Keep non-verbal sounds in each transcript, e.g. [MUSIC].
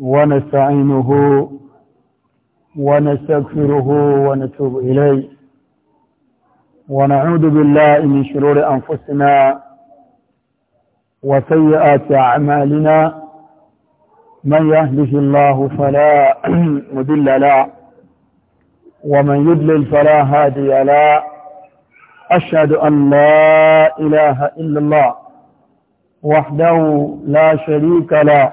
ونستعينه ونستغفره ونتوب إليه ونعوذ بالله من شرور أنفسنا وسيئات أعمالنا من يهده الله فلا [CLEARS THROAT] مدل له ومن يدلل فلا هادي له أشهد أن لا إله إلا الله وحده لا شريك له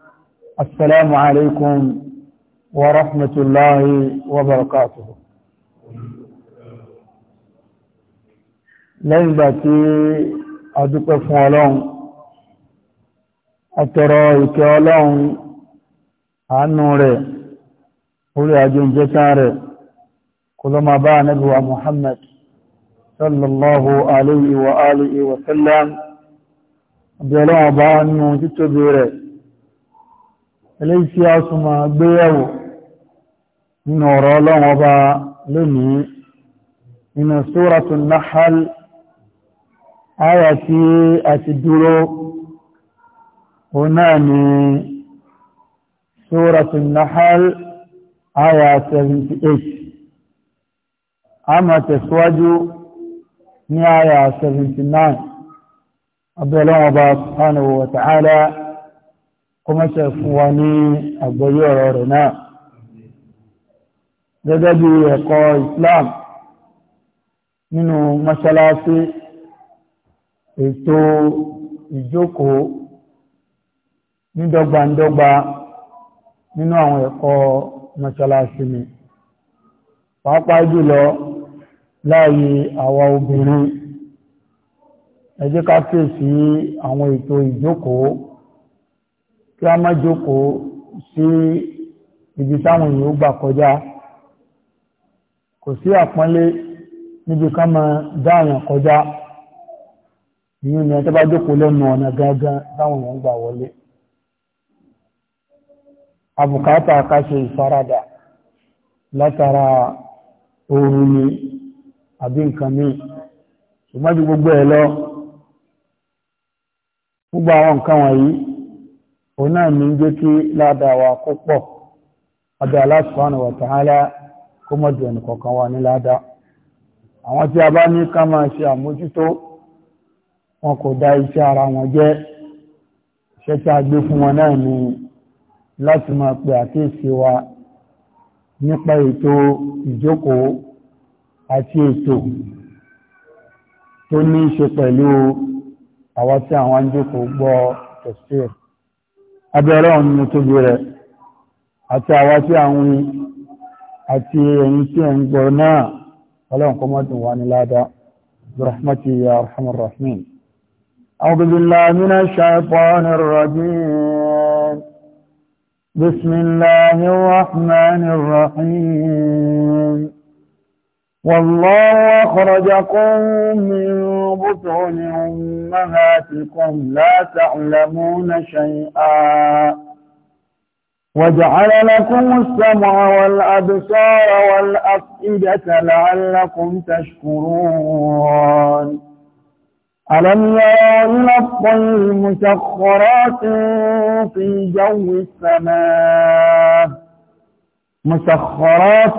السلام عليكم ورحمة الله وبركاته لن باتي أدوك فعلون أترايك علون عنوري قولي أجن جتاري قل ما با محمد صلى الله عليه وآله وسلم بلعبان موجود بيريك eléyìí tí a súnmọ́ gbéyàwó nínú ọ̀rọ̀ ọlọ́run ọba lónìí nínú sóràtù nahal ayà tí a ti dúró o náà ni sóràtù nahal ayà 78 a ma tẹ̀síwájú ní ayà 79 abẹ́lọ́wọ́ ọba subhanahu wa kọmọsẹ fún wa ní àgbọ́yé ọ̀rọ̀ rẹ̀ náà gẹ́gẹ́ bí ẹ̀kọ́ Islam nínú mọ́ṣáláṣí ètò ìjókòó nídọ́gbandọ́gba nínú àwọn ẹ̀kọ́ mọ́ṣáláṣí mi pàápàá jùlọ láàyè àwa obìnrin ẹ jẹ́ ká fèsì àwọn ètò ìjókòó kí a má jókòó sí ibi táwọn èèyàn ó gbà kọjá kò sí àpọ́nlé níbi ká máa dá àyàn kọjá ìyún ni ẹjọ́ bá jókòó lẹ́nu ọ̀nà gangan táwọn èèyàn gbà wọlé àbùkátà ká ṣe ìfaradà látara oorun ni àbí nǹkan míì ṣùgbọ́n ju gbogbo ẹ̀ lọ gbogbo àwọn nǹkan wọ̀nyí òun náà ní jẹ́ kí ládàá wa kó pọ̀ ọdọ̀ Allah subhanahu wa ta'ala kó mọ̀dù ẹnì kọ̀ọ̀kan wa ní ládàá àwọn tí a bá ní ká máa ṣe àmójútó wọn kò dá iṣẹ́ ara wọn jẹ́ iṣẹ́ tí a gbé fún wọn náà ni láti máa pe àkíyèsí wa nípa ètò ìjókòó àti ètò tó ní í ṣe pẹ̀lú àwọn tí àwọn ń jókòó gbọ́ tẹ̀síẹ̀ abẹ́rẹ́ ọ̀hún ni tóbi rẹ̀ àti àwa tí àwọn àti ẹ̀yìn tí ẹ̀ ń gbọ́ náà ọlọ́run kọ́ mọ́tò wà ní ládàá rahmatu ya rahman rahim أعوذ بالله من الشيطان الرجيم بسم الله والله أخرجكم من بطون أمهاتكم لا تعلمون شيئا وجعل لكم السمع والأبصار والأفئدة لعلكم تشكرون ألم يروا إلى الطير مسخرات في جو السماء مسخرات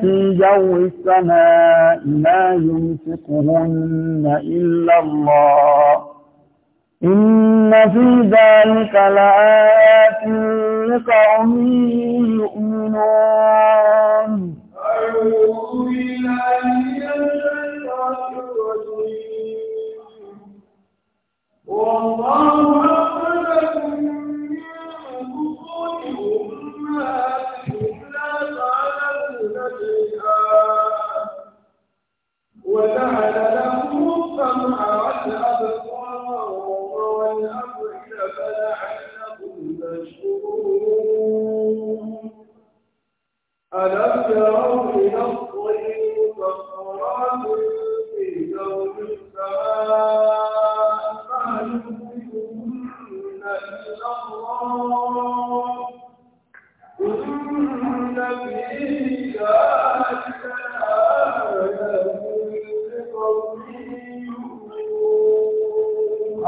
في جو السماء لا يمسكهن إلا الله إن في ذلك لآيات لقوم يؤمنون أعوذ بالله من الشيطان الرجيم والله وجعل لهم السمع والأبصار والأفئدة لعلهم تشكرون ألم يروا إلى الطير مسخرات في جو السماء إلا الله إن في ذلك لآيات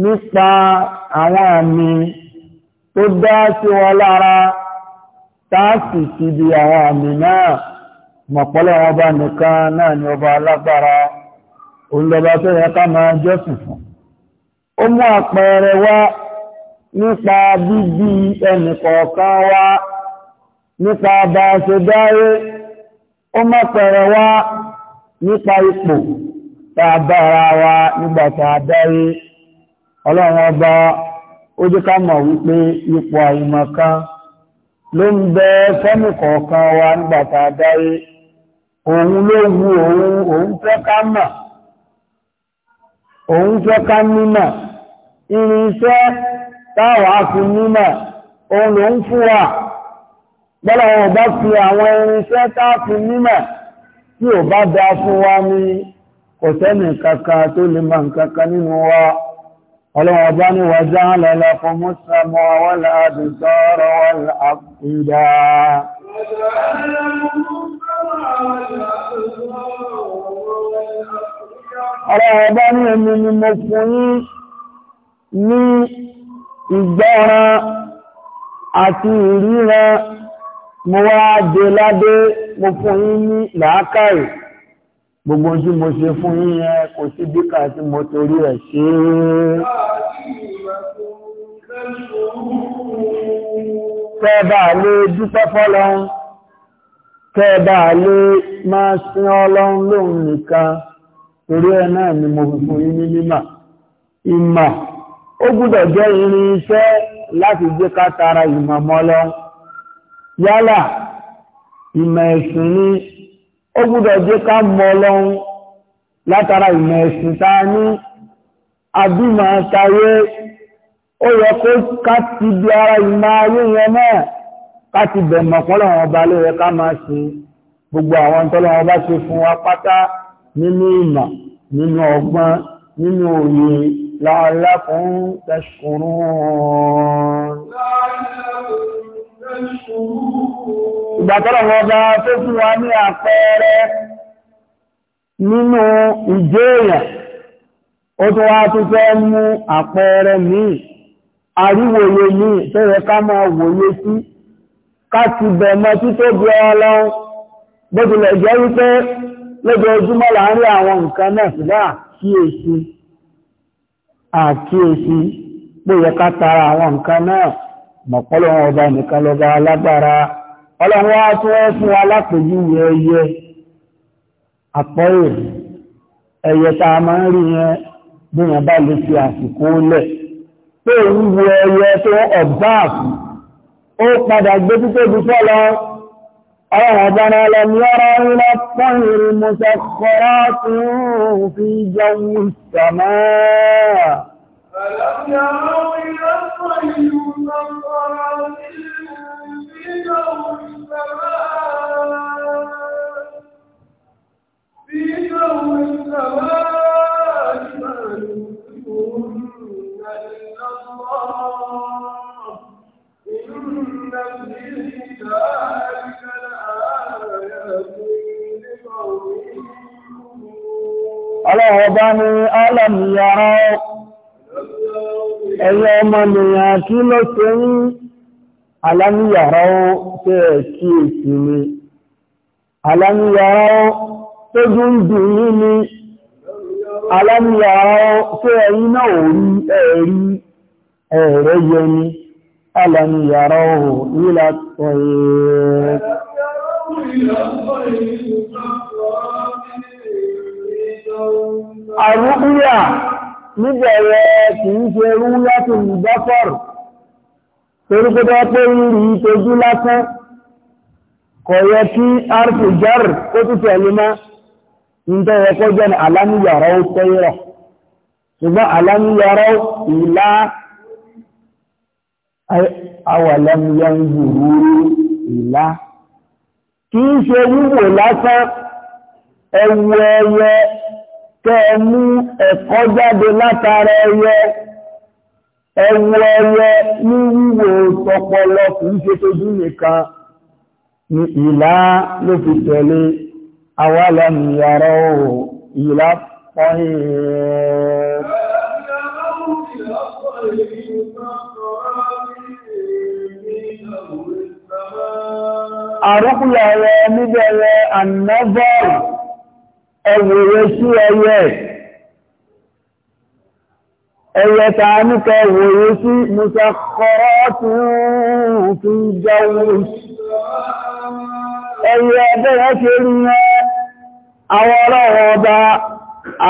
nípa àwọn àmì tó dá sí wọn lára táàsì ti di àwọn àmì náà mọ̀pọ̀lọ̀ ọba nìkan náà ni ọba alágbára olùlọba tó yẹ ká máa jọ́sìn fún ó mú àpẹẹrẹ wá nípa bíbí ẹnìkọ̀ọ̀kan wá nípa bá a ṣe dáyé ó mú àpẹẹrẹ wá nípa ipò tá a bá wa nígbà tá a dáyé ọlọ́run ọba ó jẹ́ ká mọ̀ wípé ipò àìmọ̀kan ló ń bẹ fẹ́mì kan wa nígbà tá a òun ló wu òun fẹ́ ká mọ̀ irinṣẹ́ táwa fi nímọ̀ òun ló ń fún wa bọ́lá wọn bá fi àwọn irinṣẹ́ fi tí ò bá fún ní tó lè nínú wa. ọlọ́wọ̀báni wà jáàlẹ̀ lọ́kùn mọ́sàmọ́ wọ́n àdìsọ́rọ̀ wọ́n àpìdá ọlọ́wọ̀báni ẹni ni mo fún yín ní ìgbọ́ran àti ìríran mo wá mo fún yín ní làákàrí gbogbo tí mo ṣe fún yín yẹn kò sí bíkà tí mo torí ẹ̀ ṣe kẹ́ẹ̀bà lè dúpẹ́ fọ́lọ́run kẹ́ẹ̀bà lè máa sin ọlọ́run lóhun nìkan torí ẹ̀ náà ni mo fún yín ní mímà ìmà ó gbúdọ̀ jẹ́ irin iṣẹ́ láti jẹ́ ká tara ìmọ̀ mọ́ yálà ìmọ̀ ẹ̀sìn ni ó gbúdọ̀ jẹ́ ká mọ ọlọ́run látara ìmọ̀ ẹ̀sìn ta ní àbímọ̀ àtàyé ó yẹ kó ká ti di ara ìmọ̀ ayé yẹn náà ká ti bẹ̀mọ̀ fọ́lọ́run ọba ló ká máa ṣe gbogbo àwọn tọ́lọ́run bá ṣe fún wa pátá nínú ìmọ̀ nínú ọgbọ́n nínú òye la'allakum tashkurun ìgbàtọ́rọ̀ ọba tó fún wa ní àpẹẹrẹ nínú ìjẹ́yà ó tó wá tó fẹ́ mú àpẹẹrẹ míì àríwòye míì tẹ́rẹ ká máa wòye sí ká ti bẹ̀mọ́ tító bí ọlọ́run bó tilẹ̀ jẹ́ wípé lójoojúmọ́ láàárín àwọn nǹkan náà sílá àkíyèsí àkíyèsí pé yẹ ká tara àwọn nǹkan náà mọ̀pọ́lọ́wọ́n ọba nìkan lọ́ba alágbára ọlọ́run wá tó wọ́n fún wa lápèjú ẹyẹ àpọ́rò ẹyẹ tá a máa ń rí yẹn bí wọ́n bá lè fi àsìkò lẹ̀ pé ìwúwo ẹyẹ tó observe ó padà gbé títẹ́ bí fọ́lọ ọ̀rọ̀ ọ̀bọ̀nà lẹ́nu ọ̀rọ̀ ńlá pọ́nyìrì mùsàkọ́rọ́ ọlọ́wọ́ bá ní alàmìyàrá ẹ̀yẹ ọmọ nìyàn kí ló ṣe ń alàmìyàrá tẹ́ kí èsì ni alàmìyàrá tójú ń dùn ní ni alàmìyàrá tẹ́ ẹ̀yìn náà orí ẹ̀rí ẹ̀rẹ́ yẹ ni alàmìyàrá nílà tọ̀yẹ̀ àrúkúyà níbẹ̀rẹ̀ kìí ṣe rú láti ìgbáfọ́rù torúkútọ́ pé rí ìtọ́jú lásán kọ̀ yẹ kí arfi jar kó tútù ẹ̀lúmá níta yẹ kó jẹ́ alámiyàrá ó tẹ́yẹ̀rọ ṣùgbọ́n alámiyàrá ìlà awàlámiyà ń kẹ́ ẹ mú ẹ̀kọ́ jáde látara ẹyẹ ẹwọ ẹyẹ ní wíwò tọpọlọ kìí ṣe tójú nìkan ni ìlà ló fi tẹ̀lé awálàmì yàrá ọ̀rọ̀ ìlà pọ́yìn Àrọ́kùnlẹ̀ rẹ̀ níbẹ̀ rẹ̀ ànábọ̀rù ẹwùrẹ́ sí ẹyẹ ẹyẹ ta nípa ẹwùrẹ́ sí musa kọ́rọ́ tún jẹun ẹyẹ ẹgbẹ́rẹ́ ti rí yẹn àwọn ọlọ́wọ́ ọba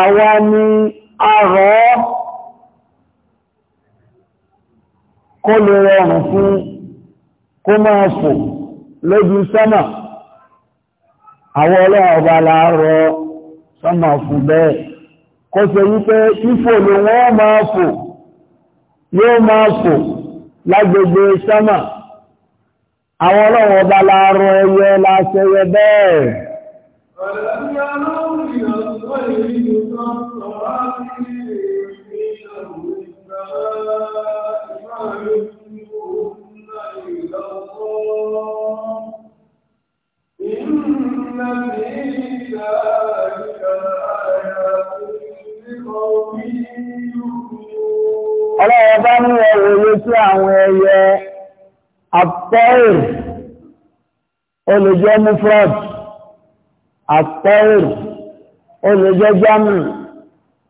àwa ni àrọ́ kó lè rọrùn fún kó máa fò lójú sánà àwọn ọlọ́wọ́ ọba láàárọ̀ sọ́mà fún bẹ́ẹ̀ kó ṣe wípé fífò ni wọ́n máa fò yóò máa fò lágbègbè sọ́mà àwọn ọlọ́wọ́ bá láàárọ̀ ẹyẹ láṣẹyẹ bẹ́ẹ̀. àtọ́ìr ó lè jẹ́ mufrad àtọ́ìr ó lè jẹ́ jámù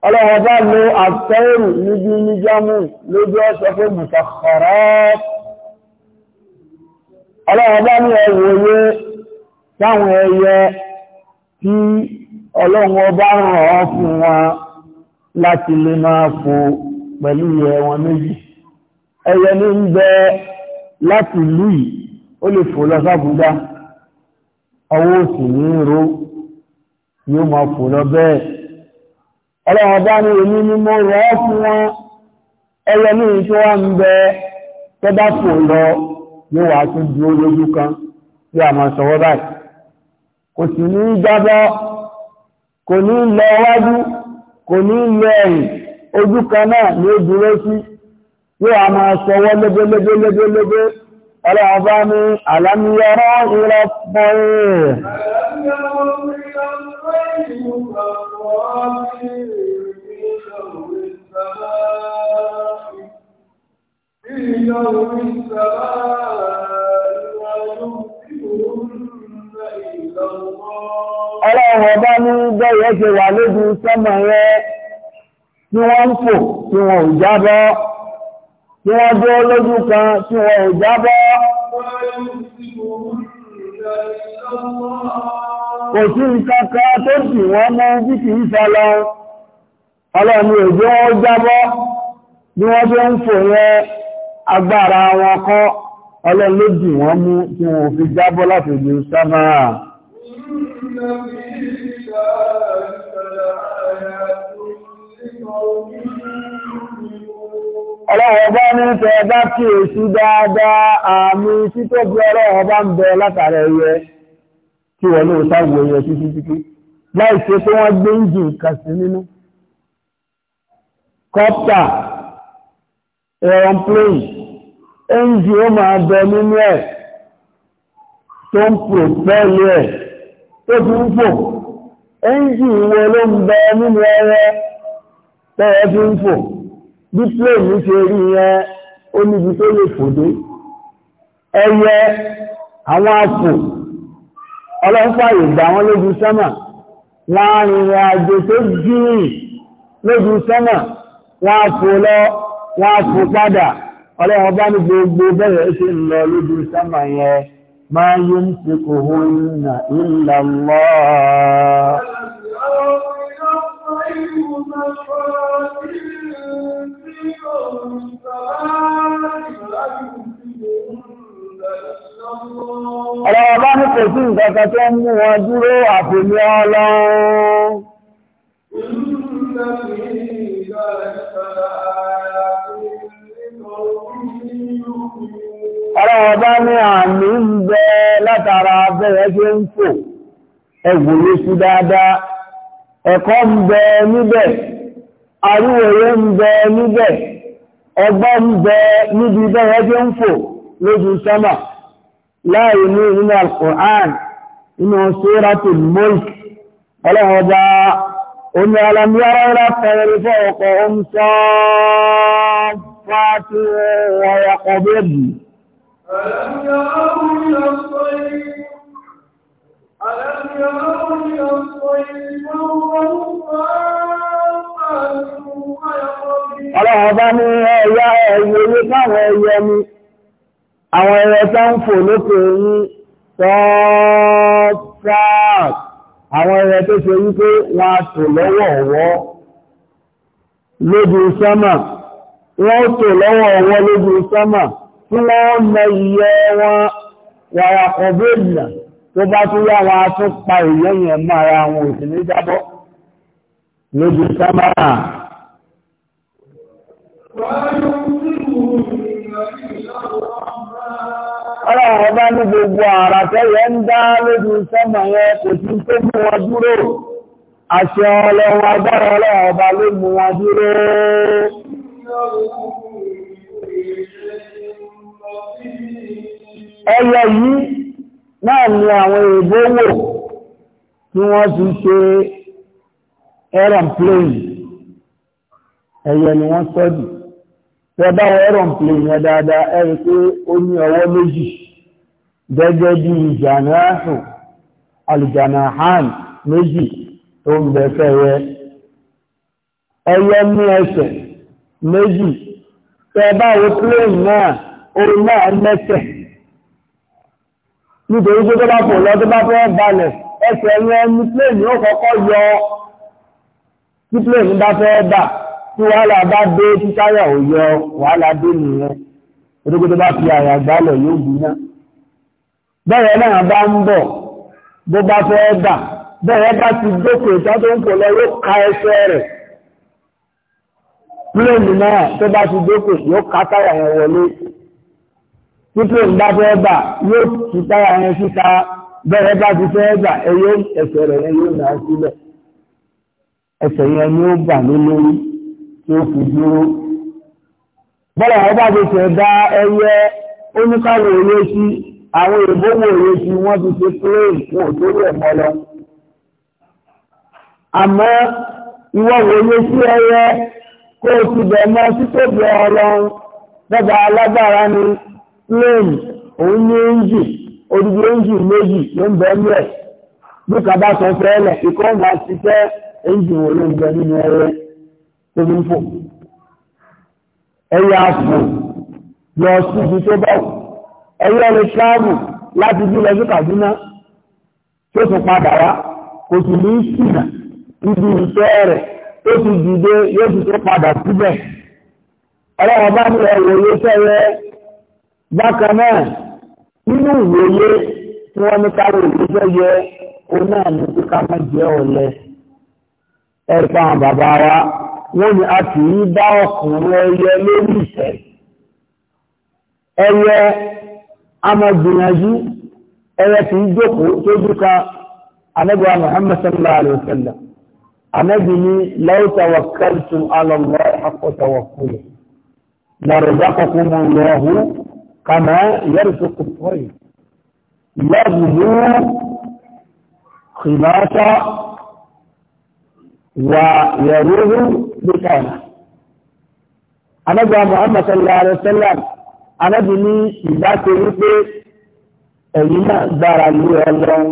ọlọ́wọ́ bá lo àtọ́ìr níbi ní jámù lójú ọ̀sẹ̀ fún mùsàkọ̀rọ̀ ọlọ́wọ́ bá ní ẹ̀wòye táwọn ẹyẹ tí ọlọ́wọ́ bá ràn ọ́ fún wọn láti lè máa fò pẹ̀lú ẹ̀ méjì ẹyẹ ní ń bẹ́ẹ̀ láti ìlú yìí ó lè fò lọ sábúdá ọwọ́ òsì ní ro yóò máa fò lọ bẹ́ẹ̀ ọlọ́run bá ní èmi ni mo rọ̀ ọ́ fún wọn ẹyẹ ní ìṣó wà ń bẹ tó bá fò lọ yóò wá tún dúró lójú kan tí a máa sọwọ́ báyìí kò sì ní jábọ́ kò ní lọ wájú kò ní lọ ẹ̀yìn ojú kan náà ni ó dúró sí yóò a máa sọwọ́ lébélébélébélébé ọlọ́wọ́ bá ní àlàmìyàrá ìrọ̀ pọ̀rẹ̀ Ọlọ́run ọba ní bẹ́yẹ̀ ṣe wà lójú sọ́mọ̀ rẹ̀ tí wọ́n ń fò tí wọ́n ò jábọ́ tí wọ́n dúró lójú kan tí wọ́n ò jábọ́. Kò sí nǹkan kan tó sì wọ́n mú bí kì í sọ lọ. Ọlọ́run òjò wọn jábọ́ bí wọ́n tó ń fò yẹn agbára wọn kọ́. Ọlọ́run ló dì wọ́n mú tí wọ́n fi jábọ́ láti ojú sámà. Thank you ọlọ́wọ́ bá ní tẹ bá kí èsì dáadáa àmì títóbi ọlọ́wọ́ bá ń bẹ látàrí ẹyẹ kí wọ́n ló sáwọ ẹyẹ títí títí láì ṣe pé wọ́n gbé ìjìn kan sí nínú kọ́pítà aeroplane ẹ́ńjì ó máa bẹ nínú ẹ̀ tó ń pòpẹ́lì ẹ̀ tó fi ń fò ẹ́ńjì ìwọ ló ń bẹ nínú ẹ̀rẹ́ tẹ́ẹ̀ fi ń fò bí ike ṣe rí yẹn ó tó lè fòdó ẹyẹ àwọn afò ọlọ́fààyè gbà wọ́n lójú sánmà wọ́n àjò tó jírìn lójú sánmà lọ padà ọlọ́wọ́n bá ní gbogbo bẹ́ẹ̀ ṣe ń lọ lójú sánmà máa yí ń Ọ̀rọ̀ ọba ní kò sí ìkẹta tó mú wọn dúró àfòmí ọlọ́run. Ọ̀rọ̀ ọba ní àmì ń bẹ látara abẹ́rẹ́ ṣe ń fò, ẹgbòye sí dáadáa, ẹ̀kọ́ ń bẹ níbẹ̀, àríwòye ń bẹ níbẹ̀ ẹgbẹ́ ń bẹ níbi bẹ́ẹ̀ ẹgbẹ́ ń fò lójú sọ́mà láàyè ní nínú al-Qur'an nínú Suratul Mulk ọlọ́run ọba omi alam yara ila tayri fawqahum saffaatin wa yaqbidna ألم يروا إلى الطير ألم يروا إلى الطير فوقهم Ọlọ́run bá ní ẹ̀yà ẹ̀yẹ ilé káwọn ẹyẹ ni, àwọn ẹyẹ tó ń fò lókè yí tọ́ọ̀tàk, àwọn ẹyẹ tó ṣe wípé wọ́n a tò lọ́wọ́ ọ̀wọ́ lójú sọ́mà, wọ́n tò lọ́wọ́ ọ̀wọ́ lójú sọ́mà, tí wọ́n mọ iye wọn wàràkọ̀ bóòlù lójú sámárà. Ọlọ́run ọba ní gbogbo àrà tẹ́yẹ ń dá lójú sọ́mà yẹn kò tí tó mú wọn dúró. Àṣẹ ọlọ́run agbára ọlọ́run ọba ló mú wọn dúró. Ẹyẹ yìí náà ni àwọn èèbó wò tí wọ́n ti ṣe aeroplane ẹ̀yẹ ni wọ́n sọ́dì tẹ bá wọ aeroplane yẹn dáadáa ẹ rí pé ó ní ọwọ́ méjì gẹ́gẹ́ bí ìjànáhù alìjànáhàn méjì tó ń bẹ fẹ́rẹ́ ẹyẹ ní ẹsẹ̀ méjì tẹ bá wọ plane náà ó náà mẹ́sẹ̀ nítorí pé tó bá fò lọ tó bá fẹ́ balẹ̀ ẹsẹ̀ yẹn ní plane yóò kọ́kọ́ yọ tí plane bá fẹ́ bà tí wàhálà bá dé tí táyà ò yọ wàhálà dé nìyẹn orógbó tó bá fi àyà gbálẹ̀ yóò gbiná bẹ́ẹ̀ náà bá ń bọ̀ bó bá fẹ́ bà bẹ́ẹ̀ bá ti dókè tó tó ń pò lọ yóò ka ẹsẹ̀ rẹ̀ plane náà tó bá ti dókè yóò ká táyà yẹn wọlé tí plane bá fẹ́ bà yóò ti táyà yẹn síta bẹ́ẹ̀ bá ti fẹ́ bà ẹ̀yẹ ẹsẹ̀ rẹ̀ yóò nà sílẹ̀ ẹsẹ̀ yẹn ni ó bà lé lórí tí ó fi dúró. bọ́lá àwọn bá ti tẹ̀ dá ẹyẹ oníkàwé òye sí àwọn èèbó wo òye sí wọ́n ti ṣe pléèn wọn ò tó rẹ̀ mọ́ lọ. àmọ́ ìwọ òye sí ẹyẹ kó o ti bẹ̀ mọ́ títòbí ọlọ́run bọ́ba alágbára ni pléèn òun ní ẹ́ńjì odidi ẹ́ńjì méjì ló ń bẹ́ẹ̀ mú ẹ̀ bí kaba sọ fẹ́ẹ́ lẹ̀ ìkọ́ ọ̀gá ti fẹ́ẹ́. èyí wò ló ń bẹ nínú ẹyẹ tó ń fò ẹyẹ àfò lọ síbi tó bá wù ẹyẹ lè ṣáàbù láti bí lọ sí Kaduna tó tún padà wá kò sì ní ṣìnà ibi rẹ̀ tó ti dìde yóò tó padà síbẹ̀ ọlọ́wọ́ bá ní bákan náà ìwòye tí wọ́n ní ìwé òun náà ní jẹ́ ẹ̀fà bàbá wa wọ́n ni a kì í bá ọkùnrin ẹyẹ lórí ìfẹ́ ẹyẹ amọ̀gbìyànjú ẹyẹ kì í jókòó tó dúkà anẹ́gbà Muhammad sallallahu alaihi wasallam anẹ́gbì ni law tawakkaltu ala Allah haqqa tawakkuli la razaqakumullahu kama yarzuqu at-tayr yagdu khimata ويروه بقوله أنبي محمد صلى الله عليه وسلم أنبي لي إذا كنت أيما دار لي الله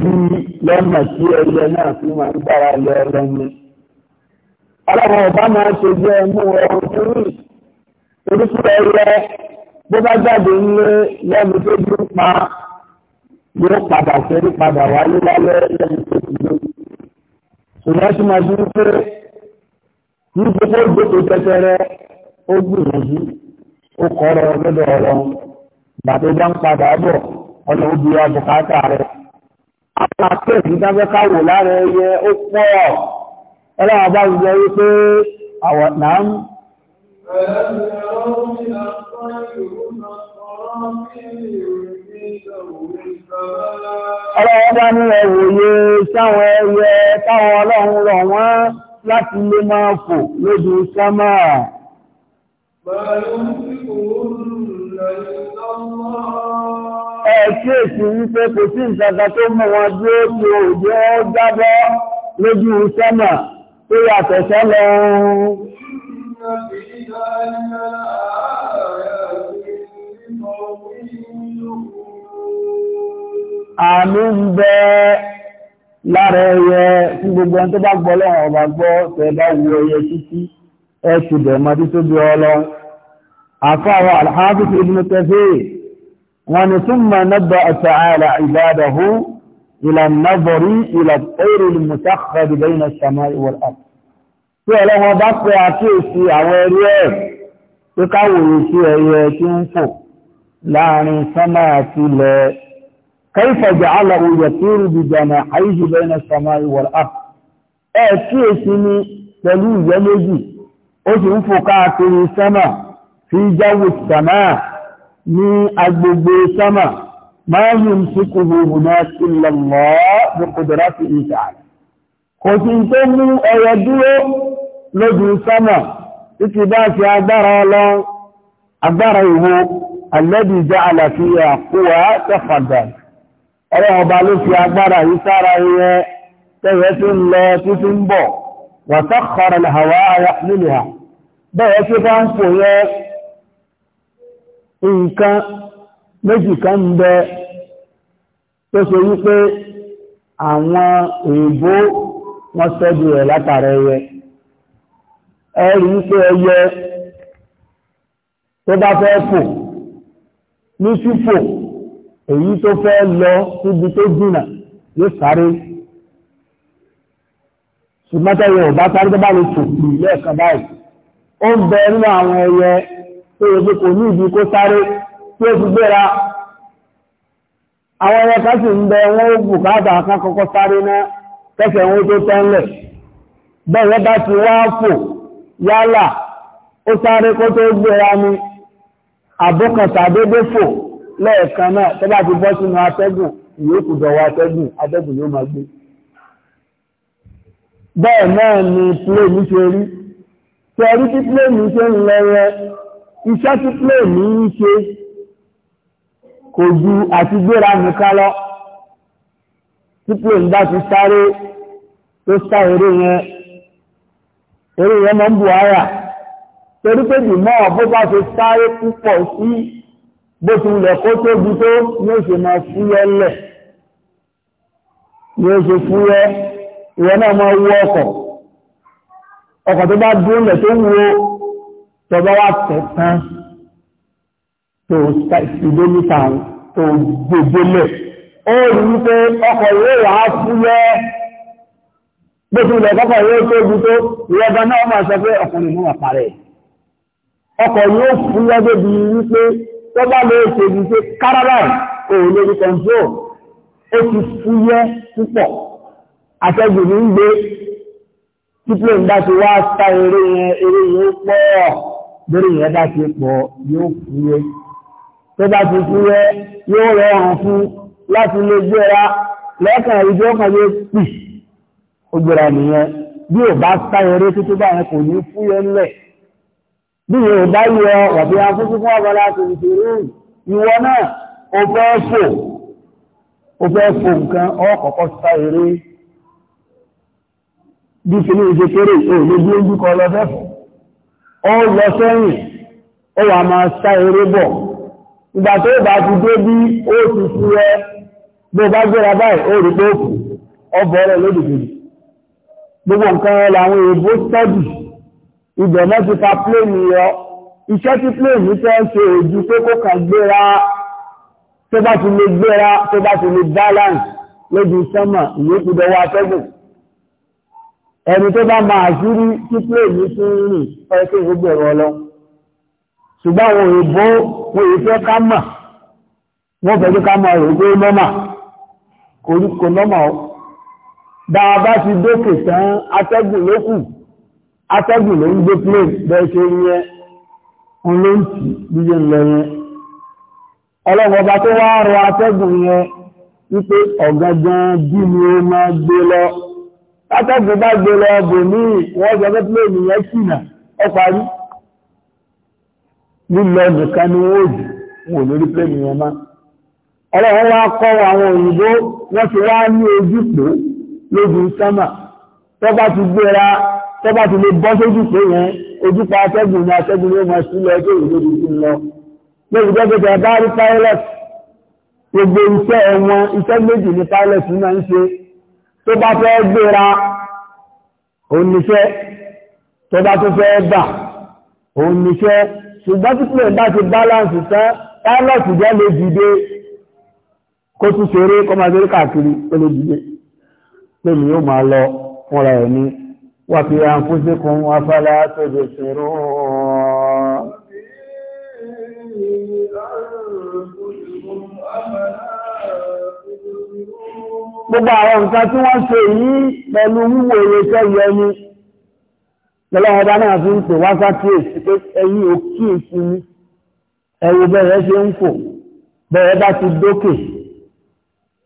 bí lọ́nà tí ẹyẹ náà fi máa ń dára lọ lọ́nà. ọlọ́run ọba máa ṣe jẹ́ ẹmú ẹ̀rọ torí orúkú ẹyẹ bó bá jáde nílé lẹ́nu tó dúró pa yóò padà sẹ́rí padà wáyé lálẹ́ lẹ́nu tó dúró ìrẹsì máa ti ń pé ní gbogbo ìgbòkè tẹtẹrẹ ó gbìyànjú ó kọrọ lọ́dọ̀ ọ̀rọ̀ bàtẹ bá ń padà bọ̀ ọ̀nà òbí abùkátà rẹ. àwọn akéèkì dábẹ́ káwò lára ẹyẹ ó pọ̀ ọlọ́wọ́ bá gbọ́ wípé àwọn náà ń. Ẹ̀rẹ́ mi náà sọ ìrù náà sọ̀rọ̀ bí ìrù ní ìdàgbò. Ọlọ́wọ́ bá ní ẹ̀wòye sáwọn ẹyẹ táwọn ọlọ́run rọ̀ wọ́n láti lè máa fò lójú sánmà. Ẹ̀kí èsì wípé kò sí ìṣàkà tó mú wọn dúró ó jẹ́ ó jábọ́ lójú sánmà tó yàtọ̀ sọ́lọ́run. àánú ń bẹ lára ẹyẹ fún gbogbo ẹni tó bá gbọ́ lọ́wọ́ ọba gbọ́ tẹ́ bá wu ẹyẹ títí ẹ ti bẹ̀ mọ́ títí bí ọlọ àfáwọ alhafiz ibn Kathir wọn ni thumma nabba'a ta'ala ibadahu ila an-nadhari ila at كيف ja'alahu يطير بجناحيه بين السماء as-samai wal ard ẹ kíyèsí ni pẹ̀lú السماء méjì ó السماء ń fò káàkiri sánmà fi jáwé sánmà ní agbègbè sánmà máa ń yìn sí kòhò hùnà ìlànà bí kòdìrá sí ìta kò tó mú ẹyẹ dúró lójú sánmà títí bá fi agbára lọ agbára ìwo alẹ́bí àlàfíà kó wá ọlọ́run ọba ló fi agbára yìí sára yẹ tẹ́yẹ tí ń lọ títí ń bọ̀ wàtá ha bẹ́ẹ̀ tí bá ń fò yẹ nǹkan méjì kan bẹ tó ṣe wípé àwọn òyìnbó wọ́n rẹ̀ wípé èyí tó fẹ́ lọ síbi tó jìnà yóò sáré ṣùgbọ́n tẹ́yẹ ọ̀bá sáré tó bá lè tò lẹ́ẹ̀kan báyìí ó ń bẹ nínú àwọn ẹyẹ tó yẹ pé kò ní ìdí kó sáré tí ó fi gbéra àwọn ẹyẹ kan sì ń bẹ wọn ó bùkátà kan sáré náà lẹ́ẹ̀kan náà tó bá ti bọ́ sínú atẹ́gùn ìyókù dọ̀wọ́ atẹ́gùn atẹ́gùn yóò máa gbé bẹ́ẹ̀ náà ni pléèmù ṣe rí tẹ̀rí tí pléèmù ṣe ń lẹ́rẹ iṣẹ́ tí pléèmù ń ṣe kò ju àti gbéra nìkan lọ tí pléèmù bá ti sáré tó sá eré yẹn eré yẹn máa ń bù ara torí pé jùmọ́ bó bá ti sáré púpọ̀ sí bó ti ń lọ kó tóbi tó ní ó ṣe máa fúyẹ́ lẹ̀ ní ó ṣe fúyẹ́ ìwọ náà máa wú ọkọ̀ ọkọ̀ tó bá dúró lẹ̀ tó wúwo tọba wá tẹ̀sán tó ìdó níta tó gbogbo lẹ̀ ó rí wípé ọkọ̀ yóò wá fúyẹ́ bó ti ń lọ kọ́kọ̀ yóò tóbi tó ìrọ̀gbọ́n náà máa sọ pé ọkùnrin mú àpárẹ̀ ọkọ̀ yóò fúyẹ́ débi wípé tó bá lè ṣègùn pé caravan kò lórí control ó ti fúyẹ́ púpọ̀ àtẹ́gùn ní gbé títí ń bá ti wá sá eré yẹn eré yẹn pọ̀ lórí yẹn bá ti pọ̀ yóò fúyẹ́ tó bá ti fúyẹ́ yóò rọrùn fún láti lè gbéra lẹ́ẹ̀kan ìjọ kan yóò pì ó gbéra nìyẹn bí ò bá sá eré títí báyẹn kò ní fúyẹ́ lẹ̀ bí yóò bá yọ wàbí afúnfún fún ọ̀bọ̀lá tòlùtò rúù ìwọ náà o fẹ́ fò o fẹ́ fò nǹkan ọkọ̀ọ̀kọ́ sá eré bí kìí ṣe kéré òlójú ojú kọ lọ fẹ́ ó lọ sẹ́yìn ó wà máa sá eré bọ̀ ìgbà tó bá ti dé bí ó ti fi ẹ bí o bá gbéra báyìí ó rí pé ó kù ọbọ̀ rẹ̀ lódìdì gbogbo nǹkan làwọn èèbó tọ́jú ibẹ̀ náà ti ka pléènì yọ iṣẹ́ tí pléènì fẹ́ ṣe ojú pé kó kà gbéra tó bá ti lè gbéra tó bá ti lè balance lójú sánmà ìyókù dọwọ́ atẹ́gùn ẹni tó bá máa ṣírí tí pléènì tún rìn ọ̀ẹ́kẹ́ gbogbo ẹ̀rọ lọ ṣùgbọ́n àwọn òyìnbó wọn èyí fẹ́ ká mà wọ́n fẹ́ ká mà rò pé nọ́mà kò nọ́mà ọ́ bá a bá ti dókè tán atẹ́gùn lókù atẹ́gùn ló ń gbé plane bẹ́ẹ̀ ṣe ń yẹ òun ló ń tì níye ńlọ yẹn ọlọ́run ọba tó wá rọ atẹ́gùn yẹn wípé ọ̀gángan bí ni ó máa gbé lọ atẹ́gùn bá gbé lọ bò ní wọ́n sọ pé plane yẹn kìnà ọ parí lílọ nìkan ni wọ́n jù wọn ò lórí plane yẹn má ọlọ́run wá kọ́ àwọn òyìnbó wọ́n ti wá ní ojúpò lójú sámà tó bá ti gbéra tó bá ti lè bọ́ sójú pé yẹn ojúpa atẹ́gùn ní atẹ́gùn ní ọmọ sílẹ̀ tó ìlú tuntun lọ lórí dókítà bá rí pilot gbogbo iṣẹ́ ẹ̀wọ̀n iṣẹ́ méjì ní pilot máa ń ṣe tó bá fẹ́ gbéra òun níṣẹ́ tó bá tó fẹ́ gbà òun níṣẹ́ ṣùgbọ́n tí plane bá ti balance tán pilot jẹ́ lè dìde kó tún ṣeré kó máa ṣeré káàkiri ó lè dìde pé mi yóò máa lọ fúnra ẹ̀ ní وفي أنفسكم أفلا تبصرون Gbogbo àwọn nǹkan tí wọ́n ṣe yìí pẹ̀lú wíwò ìrẹsẹ́ yẹni, lọ́lọ́wọ́ bá náà fi ń pè wá sákíyèsí pé ẹ̀yin ò kíyèsí ní ẹ̀wù bẹ̀rẹ̀ ṣe ń fò, bẹ̀rẹ̀ bá ti dókè,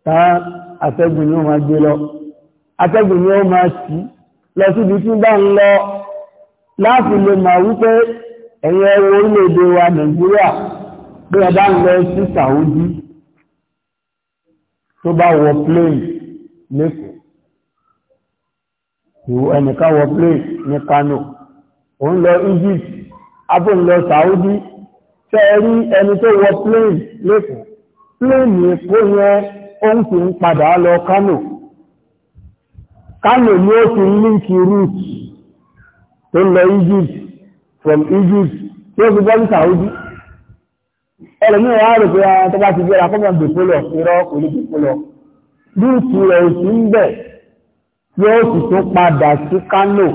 tán atẹ́gùn ni ó máa gbé lọ, atẹ́gùn ni ó máa sí, lọ síbi tí bá ń lọ láti lè mọ̀ wípé ẹ̀yẹ orílẹ̀-èdè wa nàìjíríà bí ẹ bá ń lọ sí sàúdí tó bá wọ plane lẹ́kọ̀ọ́ ẹnìkan wọ plane ní Kano ó ń lọ Egypt abó ń lọ Saudi ṣe rí ẹni tó wọ plane lẹ́kọ̀ọ́ plane Èkó yẹn ó ń fi ń padà lọ Kano Kano ni ó fi líǹkì route tó lọ Egypt from Egypt tí ó fi bọ́ ní Saudi ẹlòmí wà rò pé àwọn ah, tó bá ti gbéra kọ́mọ̀ gbèpó lọ irọ́ kò ní gbèpó lọ rúùtù rẹ̀ ò sí ń bẹ̀ tí ó sì tún padà sí Kano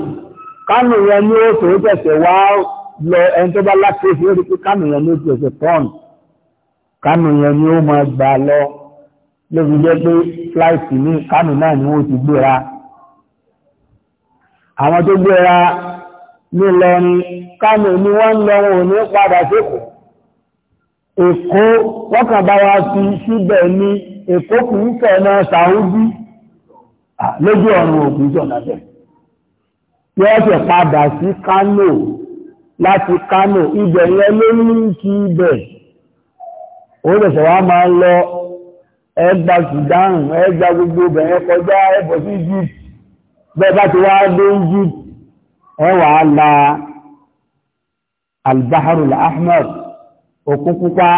Kano yẹn ni ó tòó tẹ̀sẹ̀ wá lọ ẹni tó bá láti fi rí pé Kano yẹn ni ó tẹ̀sẹ̀ pọ́n Kano yẹn ni ó máa gbà lọ lóbi jẹ́ pé flight ní Kano náà ni wọ́n ti gbéra. àwọn tó gbéra nílọrin kánò ní wọ́n ń lọ wọn ò ní padà sékò èkó wọ́n kàn bá wa fi síbẹ̀ ní èkó kì í náà sàúdí lójú ọ̀run òkun jọ̀nà bẹ̀ yóò sì padà sí kánò láti kánò ibẹ̀ yẹn ló ní gbogbo kọjá sí bẹ́ẹ̀ bá ti wá dé Egypt ẹ wà á la al-Bahr al-Ahmar òkun pupa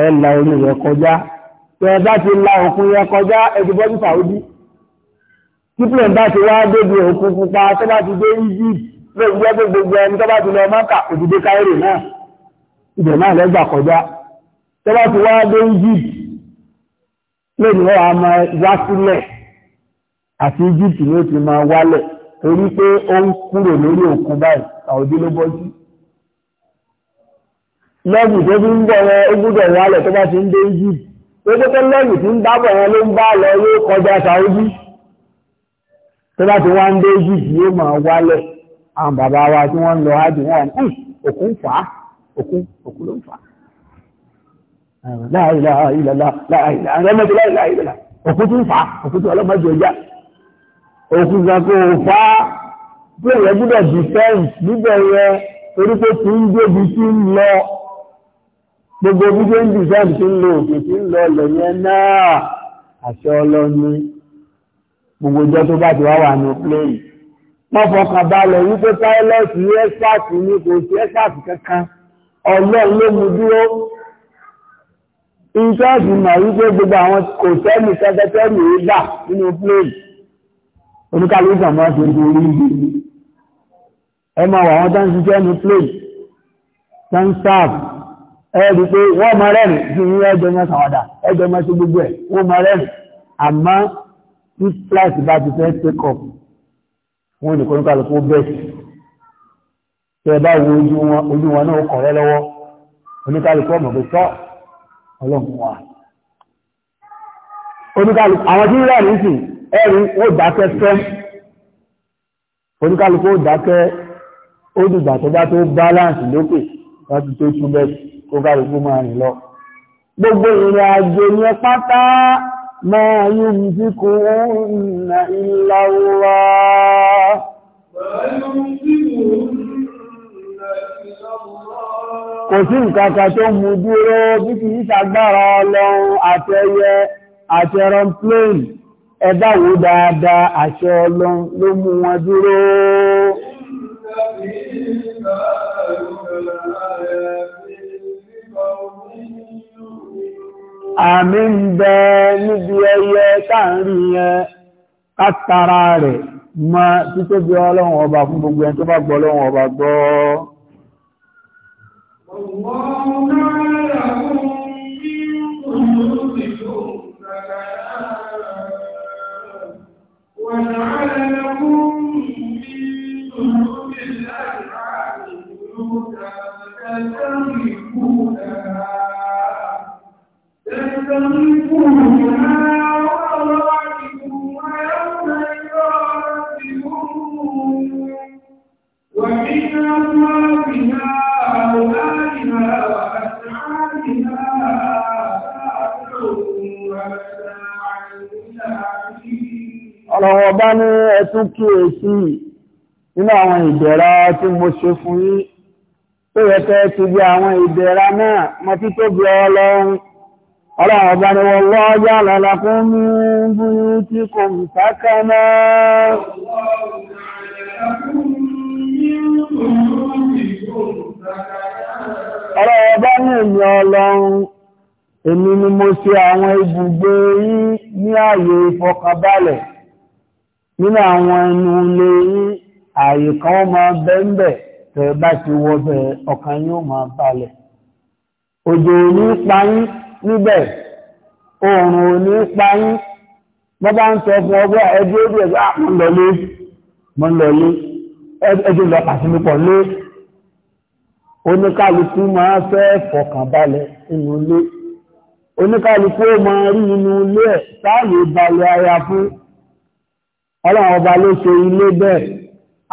ẹ la orí rẹ̀ kọjá bẹ́ẹ̀ ti la òkun rẹ̀ kọjá ẹgbẹ́ ní Saudi kíplẹ̀ bá ti wá débi òkun pupa tó bá ti dé Egypt lóògbé ẹni tó bá ti lọ mọ́kà àti Egypt ni ó ti máa wálẹ̀ torí pé ó ń kúrò lórí òkun báyìí Saudi ló bọ́ sí lọ́ọ̀gì tó fi ń bọ̀ wọn ó gbúdọ̀ wálẹ̀ tó bá ti ń dé Egypt tó tó tó lọ́ọ̀gì tí ń bá bọ̀ wọn ló ń bá lọ yóò kọjá Saudi tó bá ti wá ń dé Egypt yóò máa wálẹ̀ àwọn bàbá wa tí wọ́n ń lọ ájì wọn òkun fà á òkun òkun ló ń fà á láàrín láàrín láàrín láàrín láàrín láàrín òkun tún fà á òkun tún ọlọ́mọdé ọjà òkú gan kó o fa pé ìyẹn gbúdọ̀ di fẹ́ǹs níbẹ̀ yẹn torí pé tí ń débi tí ń lọ gbogbo bí tó ń di fẹ́ǹs tí ń lo òkè tí ń lọ lọ yẹn náà àṣẹ ọlọ́ni gbogbo ọjọ́ tó bá ti wá wà ní pléyì wọ́n fọkàn balẹ̀ wípé pálọ́ọ̀tì ní ẹ́sàtì ní kò sí ẹ́sàtì kankan ọlọ́run ló mú dúró ìjọ́sìn mọ̀ wípé gbogbo àwọn kò sẹ́nì kẹ́kẹ́ tẹ́lẹ̀ gbà nínú pléyì oníkàlùkù kan máa ṣe orí ìgbé ẹ máa wà wọ́n tán ṣiṣẹ́ ní plane tán staff ẹ̀rí pé wọ́n máa rẹ̀rìn sí ní ẹjọ́ máa sàwádà ẹjọ́ máa ṣe gbogbo ẹ̀ wọ́n máa rẹ̀rìn àmọ́ tí flight bá ti fẹ́ take off wọ́n ní kọ́nùkàlùkù bẹ́ẹ̀sì tẹ́ bá wo ojú wọn náà kọ̀ rẹ́ lọ́wọ́ oníkàlùkù ọmọ pé tọ́ ọlọ́run wà oníkàlùkù àwọn tí ń rẹ̀rìn sí ẹrù ó dákẹ́ fẹ́ oníkálukú ó dákẹ́ ó dìgbà tó bá tó báláǹsì lókè láti tó túbẹ̀ kó kálukú máa rìn lọ gbogbo ìrìn àjò yẹn pátá máa yí ti kú ìrìnà ìlà wá. Kò sí nǹkan kan tó mú dúró bí kìí ṣàgbára ọlọ́run àtẹyẹ àtẹrọmplẹ́nì ẹ bá wò dáadáa àṣẹ ọlọ́run ló mú wọn dúró. àmì ń bẹ níbi ẹyẹ táàrí yẹn kátara rẹ̀ mọ títóbi ọlọ́run ọba fún gbogbo ẹni tó bá gbọ́ ọlọ́run ọba gbọ́. Ọ̀wọ́n náà ومن الله هؤلاء ọlọ́wọ́ bá ní ẹtún kíyèsí nínú àwọn ìdẹ̀ra tí mo ṣe fún yín tó yẹ kẹ́ ti bí àwọn ìdẹ̀ra náà mọ títóbi ọlọ́run ọlọ́wọ́ bá ní wọ́n lọ́ọ́jà lọ́lákún ní bí tí kò ń sákánná ọlọ́wọ́ bá ní èmi ọlọ́run èmi ni mo ṣe àwọn ibùgbé yín ní ààyè ìfọkànbalẹ̀ nínú àwọn ẹnu lè rí ààyè kan ó máa bẹ́ẹ̀bẹ̀ tẹ́ bá ti wọ́bẹ̀ ọkàn yóò máa balẹ̀ òjò ò ní payín níbẹ̀ oòrùn ò ní payín wọ́n bá ń sọ fún ọgbẹ́ ẹbí ó bẹ̀rẹ̀ àpò lọlé ah, mọ́ lọlé ẹbí lọ pàṣípò pọ̀ lé oníkálukú máa fẹ́ fọkàn balẹ̀ inú ilé oníkálukú máa rí inú ilé ẹ̀ sáàyè balẹ̀ ara fún ọlọ́run ọba ló ṣe ilé bẹ́ẹ̀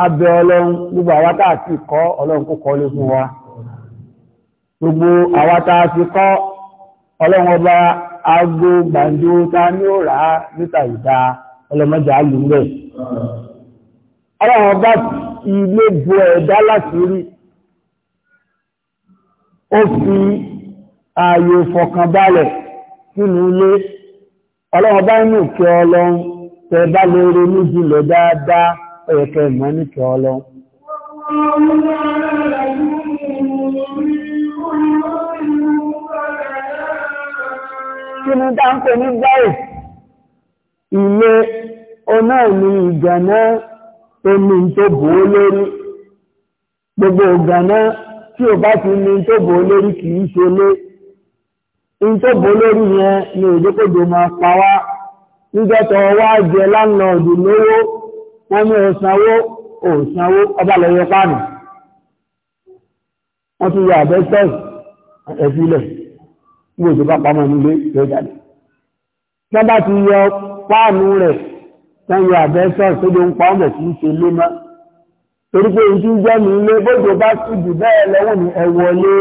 abẹ ọlọ́run gbogbo àwa tá fún wa gbogbo àwa tá a ọlọ́run ọba ta ní ó níta ìta ọlọ́mọdé bu ẹ̀dá láti rí ó fi ààyè sínú ilé ọlọ́run ọba tẹ bá lè ronú jùlọ dáadáa ọ̀yẹ̀kẹ́ ìmọ̀ nìkẹ́ ọlọ́ Kínú dáńkò ní gbáyé, ilé ọ̀nà ìlú ìgànná omi tó bò ó lórí, gbogbo ìgànná tí ò bá ti ní tó bò ó lórí kìí ṣe lé, in tó bò ó lórí yẹn ni òjòkòjò máa pa wá nígbẹ́tọ̀ wá jẹ lánà òdù lówó wọ́n mú òsànwó òsànwó ọba lọ́yẹ pàánù wọ́n tún yà àbẹ́sẹ̀ ẹ̀fílẹ̀ gbòòsù bá pamọ́ nílé lẹ́jàdì tọ́bá ti yọ pàánù rẹ̀ tán yọ àbẹ́sẹ̀ sódò ń pa ọmọ tí ń ṣe lé mọ́ torí pé ìjú jẹ́ mi ilé bójò bá sì jù bẹ́ẹ̀ lẹ́wọ̀n ní ẹ̀wọ̀lé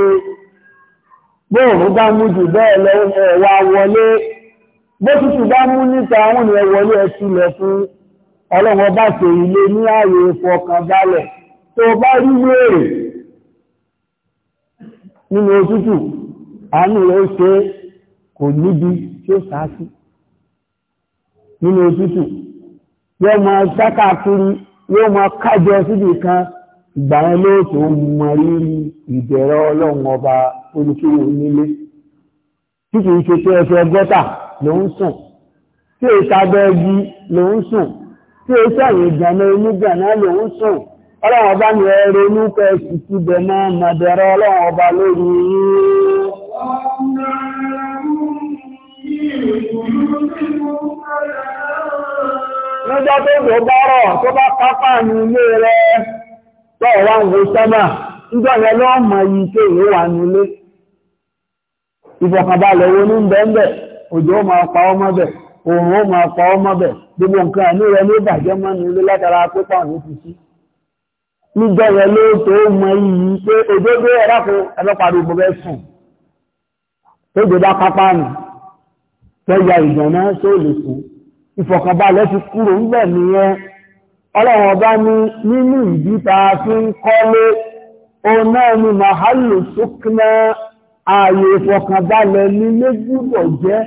bóòrùn bá mú jù bẹ́ẹ̀ lẹ́wọ̀n ẹ̀wà wọlé bó tútù bá mú níta àwọn ènìyàn wọlé ẹtí lẹ fún ọlọ́run ọba ṣe ilé ní ààyè ìfọkànbalẹ̀ tó bá rí wéèrè nínú òtútù àánú rẹ̀ ṣe kò níbi tí ó sáásí nínú òtútù yóò yóò kájọ síbi kan ìgbà yẹn ọba nílé títí ẹsẹ̀ ló ń sùn tí èsì abẹ́ẹ̀gì ló ń sùn tí èsì àwọn ìgbàmọ́ onígbàmọ́ ló ń sùn ọlọ́wọ́n ní ẹrẹ ti bẹ̀ ọba lórí tó ń bá rọ̀ tó bá kápá ní ilé rẹ̀ lọ́wọ́ wá ń wo sábà, nígbà yẹn tó ìwé wà nílé. wo ní bẹ́ẹ̀ òjò ó máa pa ọmọ bẹ̀ òun ó máa pa ọmọ bẹ̀ gbogbo nǹkan àní rẹ ní ìbàjẹ́ mọ́nu ilé látara pípa òun ti sí níjọ́ rẹ ló tó mọ iyì pé òjò gbé ẹ̀rá fún ẹlọ́pàá gbogbo bẹ́ẹ̀ sùn tó gbé bá pápá nù ààyè ìfọ̀kànbalẹ̀ ní lé gbúdọ̀ jẹ́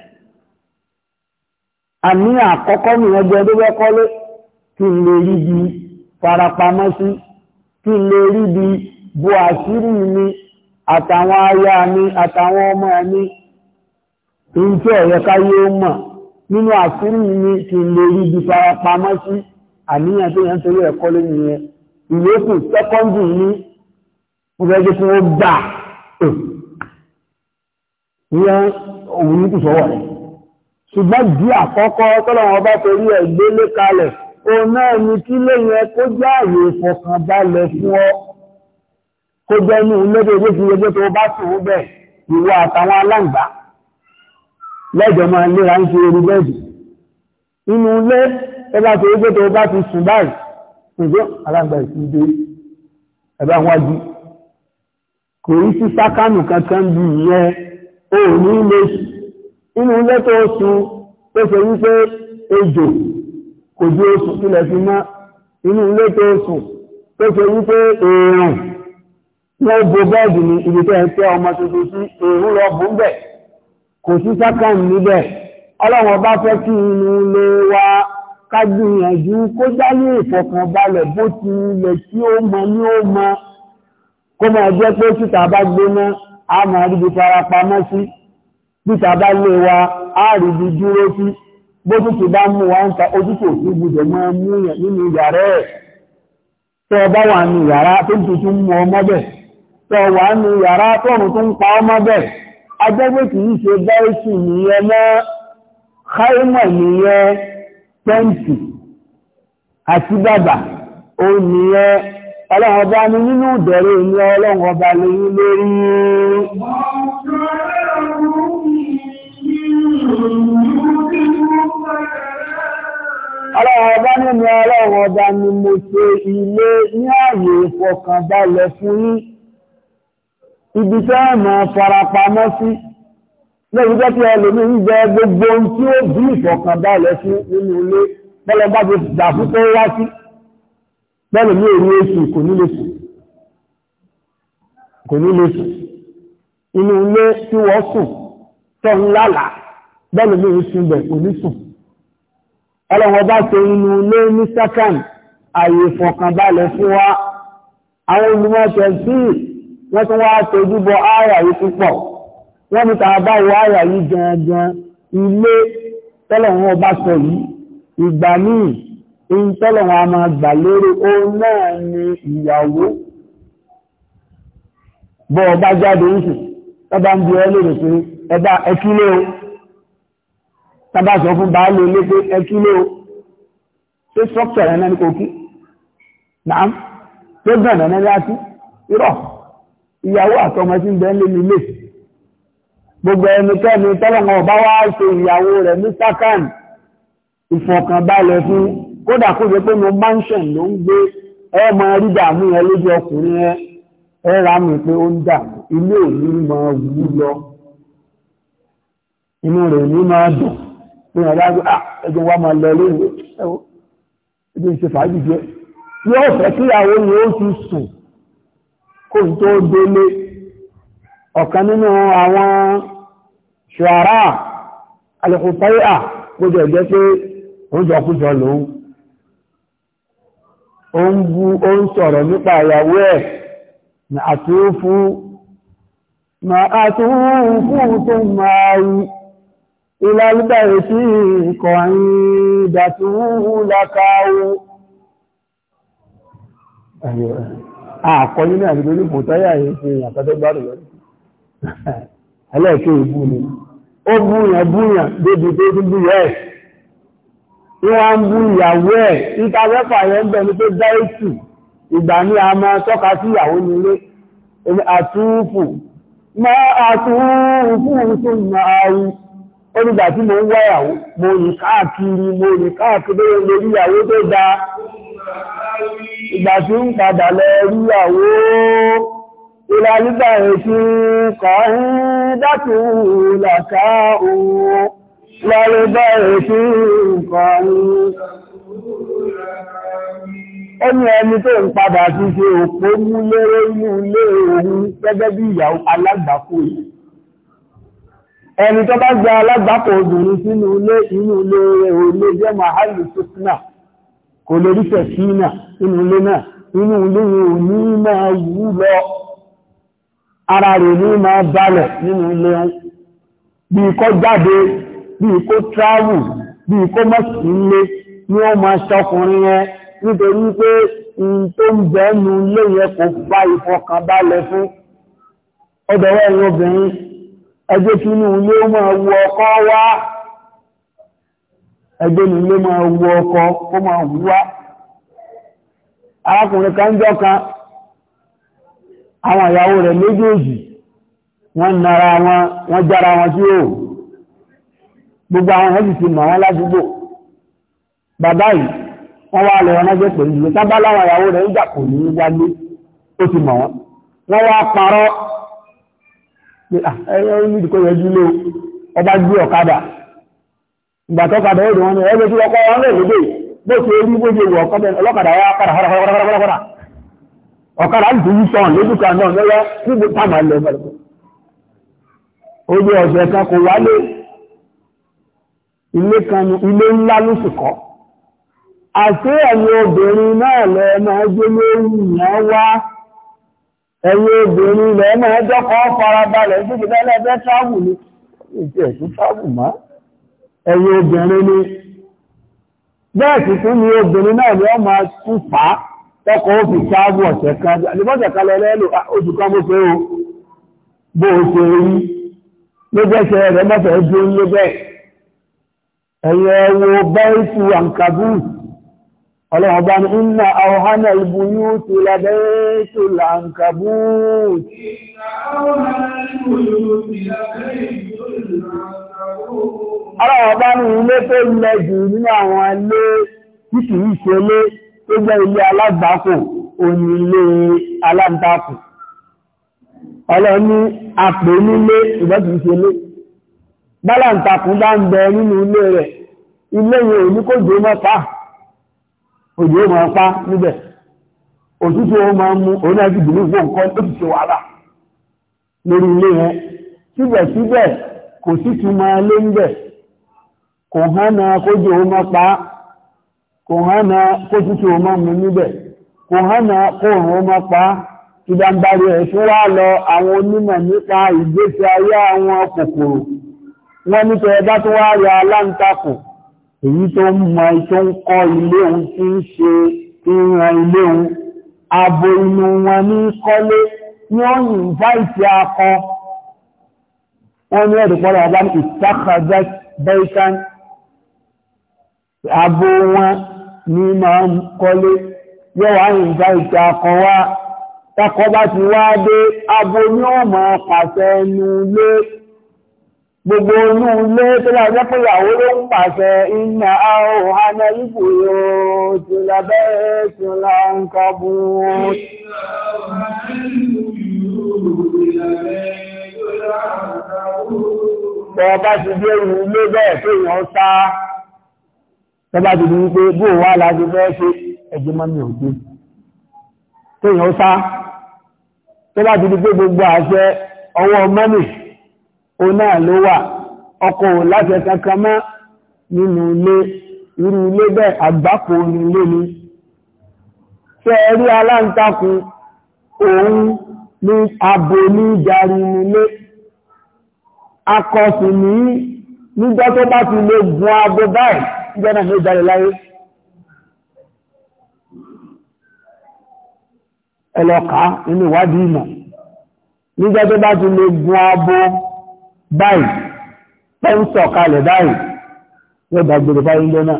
àní àkọ́kọ́ nìyẹn jẹ́ tó fẹ́ kọ́lé kí n lè rí bí farapamọ́ sí kí n lè rí bí bu àṣírí mi àtàwọn aya mi àtàwọn ọmọ mi ìjọ ẹ̀yẹ káyé ó mọ̀ nínú àṣírí mi kí n lè rí bí farapamọ́ sí àníyàn tó yẹn torí ẹ̀kọ́ nìyẹn ìyókù sẹ́kọ́ndì ní mo fẹ́ wọ́n gbà ìyẹn òun ní kù rẹ̀ ṣùgbọ́n bí àkọ́kọ́ tọ́lọ̀wọ́n bá torí ẹ̀ gbélé kalẹ̀ o náà ni kí lẹ́yìn ẹ kó jẹ́ àyè ìfọ̀kànbalẹ̀ fún ọ kó jẹ́ inú lẹ́dẹ̀ owó fi yẹjẹ́ tó bá sùn ó bẹ̀ ìwọ àtàwọn aláǹgbá lẹ́jọ́ máa léra ń ṣe orí bẹ́ẹ̀dì inú ilé ẹ bá torí pé tó bá ti sùn báyìí ṣùgbọ́n aláǹgbá ìsìn dé ẹ bá wájú kò rí sí sákánù kankan bí ìyẹn ò ní lè sùn inú ilé tó sùn tó ṣe wípé ejò kò ju oṣù tilẹ̀ fi mọ́ inú ilé tó sùn tó ṣe wípé èèrùn wọ́n bo bẹ́ẹ̀dì ní ibi tó ń tẹ́ ọmọ tuntun sí èèrùn lọ bú bẹ̀ kò sí sákàn níbẹ̀ ọlọ́wọ́n bá fẹ́ kí inú ilé wa ká gbìyànjú kó jáyé ìfọ̀kànbalẹ̀ bó ti ilẹ̀ tí ó mọ ní ó mọ kó máa jẹ́ pé síta bá gbóná á máa ríbi farapamọ́ sí bíta bá lé wa áàrùbí dúró sí bójútù bá mú wa ń ta ojútù òsì gbùdọ̀ máa mú yàn nínú yàrá ẹ̀ tọ́ ọba wà ní yàrá tó tuntun mú ọmọ bẹ̀ tọ́ wà ní yàrá tọ́rùn tó pa ọmọ bẹ̀ agbẹ́gbẹ́ kì í ṣe báyìí nìyẹn mọ́ káìmọ̀ nìyẹn pẹ́ǹtì àti bàbà ó nìyẹn ọlọ́run ọba ní nínú ìdẹ̀rẹ̀ ìní ọlọ́run ọba lórí lórí Ọlọ́run ọba nínú ọlọ́run ọba ni mo ṣe ilé ní ààyè ìfọkànbalẹ̀ fún yín. Ibi tẹ́ ẹ̀mọ̀ farapamọ́ sí, lẹ́yìn jẹ́ tí ẹlòmí ń jẹ gbogbo ohun tí ó bí ìfọkànbalẹ̀ fún nínú ilé, bọ́lọ́gbá ti dà fún tó wá sí, bẹ́lòmí èrí èsù kò ní lè sùn. Kò ní lè sùn. Inú ilé tí wọ́n sùn, tọ́ ń lálàá bẹ́ẹ̀ ló sùn bẹ̀ onísùn ọlọ́wọ́ bá ṣe inú ilé ní sẹ́kàn àyè ìfọ̀kànbalẹ̀ fún wa àwọn olùmọ̀ọ́sẹ̀ sí wọ́n tún wá tojú bọ ààyà yìí púpọ̀ wọ́n ní tàà bá wọ ààyà yìí gangan ilé tọ́lọ̀wọ́n ọba sọ yìí ìgbà míì ń tọ́lọ̀wọ́n a máa gbà lérò ó náà ni ìyàwó bọ́ ọba jáde ń sùn ọba ń bi ọ lérò pé ẹbá ẹkílé o tábà sọ fún baálé ilé pé ẹ kí lé o structure rẹ̀ náà ní kò kí náà tó gbọ̀nà náà láti irọ́ ìyàwó àtọmọ tí ń bẹ nílé nílé gbogbo ẹnikẹ́ni tọ́lọ́mọ bá wá ṣe ìyàwó rẹ̀ ní sákàn ìfọ̀kànbalẹ̀ fún kódà kó jẹ́ pé mo mansion ló ń gbé ẹ mọ rí dààmú yẹn lójú ọkùnrin yẹn ẹ ra mi pé ó ń dà ilé òní máa wú lọ inú rẹ̀ ní máa dùn lóyún aláàgbé ah, ẹjọ́ wa máa lọ lóyún ẹwọ́ ẹjọ́ ìṣe fàájì jẹ́ yóò fẹ́ kíyàwó ni ó ti sùn kó n tó délé ọ̀kan nínú àwọn ṣùárà alẹ́kùnfáyà gbogbo ẹ̀jẹ́ pé oúnjẹ ọkùnjọ lòun ó ń bú ó ń sọ̀rọ̀ nípa ìyàwó ẹ̀ àtúfú tó máa rí إلى البيت قعيدة لك àkọ́yí ní àgbègbè ní fòtáyà ìṣe àtàdọ́gbàrù lọ́dún ẹlẹ́ẹ̀kẹ́ ìbú ni ó búyàn búyàn débi tó tún bú yẹ́ ẹ̀ ìwà ń bú ìyàwó ẹ̀ níta mẹ́fà yẹ́ ń ìgbà ní a máa tọ́ka sí ìyàwó nílé àtúùfù máa àtúùfù tún máa onígbà tí mo ń wá ìyàwó mo rì káàkiri mo rì káàkiri lórí ìyàwó tó da ìgbà tí ń padà lọ rí ìyàwó ìlàlúgbà ètí kọ̀ọ̀hún dákù làkà òun lọ́rọ̀bá ètí kọ̀ọ̀hún ó ní ẹni tó ń padà ti ṣe òpó mú inú ilé òun gẹ́gẹ́ bí ìyàwó alágbàkú ẹni tó bá gba alágbàpọ̀ obìnrin sínú ilé inú ilé rẹ̀ olè jẹ́ mahalu fitna kò lè rí fẹ̀sínà inú ilé náà inú ní máa wú lọ ara rẹ̀ ní máa balẹ̀ nínú ilé wọn bí kó jáde bí bí ó máa ṣọkùnrin yẹn nítorí pé tó ń ilé yẹn ẹgbẹ́ tí inú ilé ó máa wọ ọkọ wá ẹgbẹ́ ni ilé máa wọ ọkọ ó máa wù wá arákùnrin kan jọ kan àwọn ìyàwó rẹ̀ méjèèjì wọ́n nara wọn wọ́n jára wọn gbogbo àwọn ti mọ̀ wọ́n bàbá yìí wọ́n wá lọ pẹ̀lú láwọn rẹ̀ ń jà kò ní wálé Ah, ẹ̀rọ níbi kò yẹjú lé ọba gbé ọ̀kadà ìgbà tó kadà èdè wọn ni ẹgbẹ́ tí ọkọ̀ wọn lè lédè kan ilé ńlá ló sì kọ́ àti obìnrin náà lórí wá ẹ̀yin obìnrin ilẹ̀ ẹ̀ máa jọ́kọ́ farabalẹ̀ síbi lẹ́lẹ́fẹ́ tábù ni ìtì ẹ̀sùn tábù má ẹ̀yin obìnrin ni bẹ́ẹ̀ sì tún ni obìnrin náà ni ó máa tún fà á tọkọ̀ ó fi tábù ọ̀sẹ̀ kan àdìbọ́sẹ̀ kan lọ lẹ́lò ah, oṣù kan mo fẹ́ o bó o ṣe rí lójẹ́sẹ̀ rẹ̀ mọ́fẹ̀ẹ́ dúró lóbẹ̀ ẹ̀yin ẹ̀wọ̀ bẹ́ẹ̀ tù àǹkàbùrù ọlọ́wọ́ bá ní iná àwọ̀hánà ìbúyútù labẹ́ẹ̀tù làǹkàbúùtù ọlọ́wọ́ bá ní ilé tó lẹ jù nínú àwọn ilé tí kì í ṣe ilé tó jẹ́ ilé alágbàákò òní ilé aláǹtakù ọlọ́ ní àpè nílé ìbọ́kì ìṣẹ́lé bálàǹtakù bá ń bẹ nínú ilé rẹ̀ ilé yìí ò ní kò jẹ́ mọ́ta òjò ó máa pa níbẹ̀ òtútù ó máa mú onígbìdì ní ìwọ̀n kan ó ti ṣe wàhálà lórí ilé yẹn síbẹ̀síbẹ̀ kò sí ti máa lé níbẹ̀ kò hánà kójò ó máa pa kò hánà kótútù ó máa mú níbẹ̀ kò kóòrùn ó máa pa ẹ̀ tún wá lọ àwọn onímọ̀ nípa ìgbésí ayé èyí tó ń mọ tó ń kọ́ ilé òun tí ń ṣe ìran ilé òun abo inú wọn ní kọ́lé ní ọ̀yìn ìfáìtì akọ wọ́n ní ẹ̀dùn pọ́lọ̀ ọba ní ìtàkàjá bẹ́ẹ̀kan abo wọn ní máa ń kọ́lé yọ́wà ní ìfáìtì akọ wá takọ bá ti wá dé abo ní ọmọ pàṣẹ ẹnu lé gbogbo inú ilé tó lájẹ́ pé ìyàwó ló ń pàṣẹ iná àwọn ọ̀hánà ibò yóò ti lábẹ́ tí ó lá ń kọbú ọba ti dé ìrù ilé bẹ́ẹ̀ tó èèyàn sá tọ́bá ti di wípé bó láti fẹ́ ṣe ẹgbẹ́ mọ́mí ó náà ló wà ọkọ ò láṣẹ kankan mọ́ nínú ilé irú ilé bẹ́ẹ̀ àgbákò ilé ni ṣe rí aláǹtakùn òun ní abo ní ìjarí nílé akọ̀sì ní níjọ́ tó bá ti lè gun abo báyìí níjọ́ náà ló jáde láyé ẹlọ́ka nínú ìwádìí ìmọ̀ níjọ́ tó bá ti lè gun abo báyìí pẹ́ńsọ̀ kalẹ̀ báyìí yóò bá báyìí lọ náà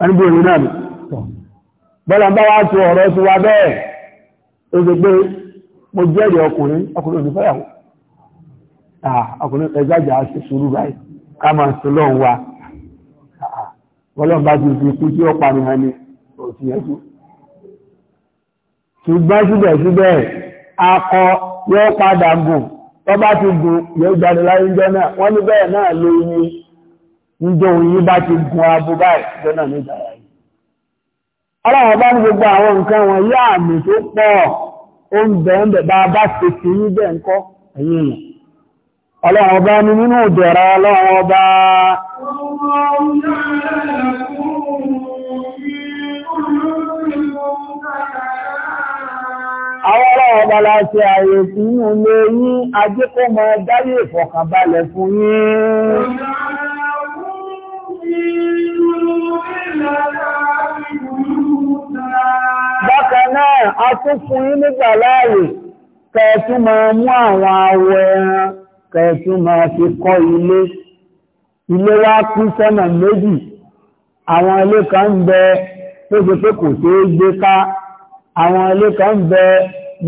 wọ́n bí òun náà nì bọ́lá ń bá wá ọ̀rọ̀ wa bẹ́ẹ̀ ó pé mo jẹ́rìí ọkùnrin ọkùnrin ò fẹ́yàwó ọkùnrin ẹgbàjà ṣe sùúrù báyìí ká máa wọ́n bá ti gùn yóò jáde láyé jọ náà wọ́n ní bẹ́ẹ̀ náà ló ní òyìn bá ti gùn abo báyìí jọ náà ní ìdára yìí bá ní gbogbo àwọn nǹkan wọn àmì tó pọ̀ ń bá ṣe sí ní bẹ́ẹ̀ ń kọ́ ẹ̀yìn bá ní ọba àwọn ará ọba láti ààyè tí lè yí ajé kó mọ dáyé ìfọ̀kànbalẹ̀ fún yín. Bákan náà, a tún fún yín nígbà láàyè, kẹ̀ẹ̀tún máa mú àwọn awọ ẹran, kẹ̀ẹ̀tún máa fi kọ́ ilé. Ilé wa kú sọ́nà méjì, àwọn ilé kan ń bẹ tó ṣe pé kò ṣeé gbé ká, àwọn ilé kan bẹ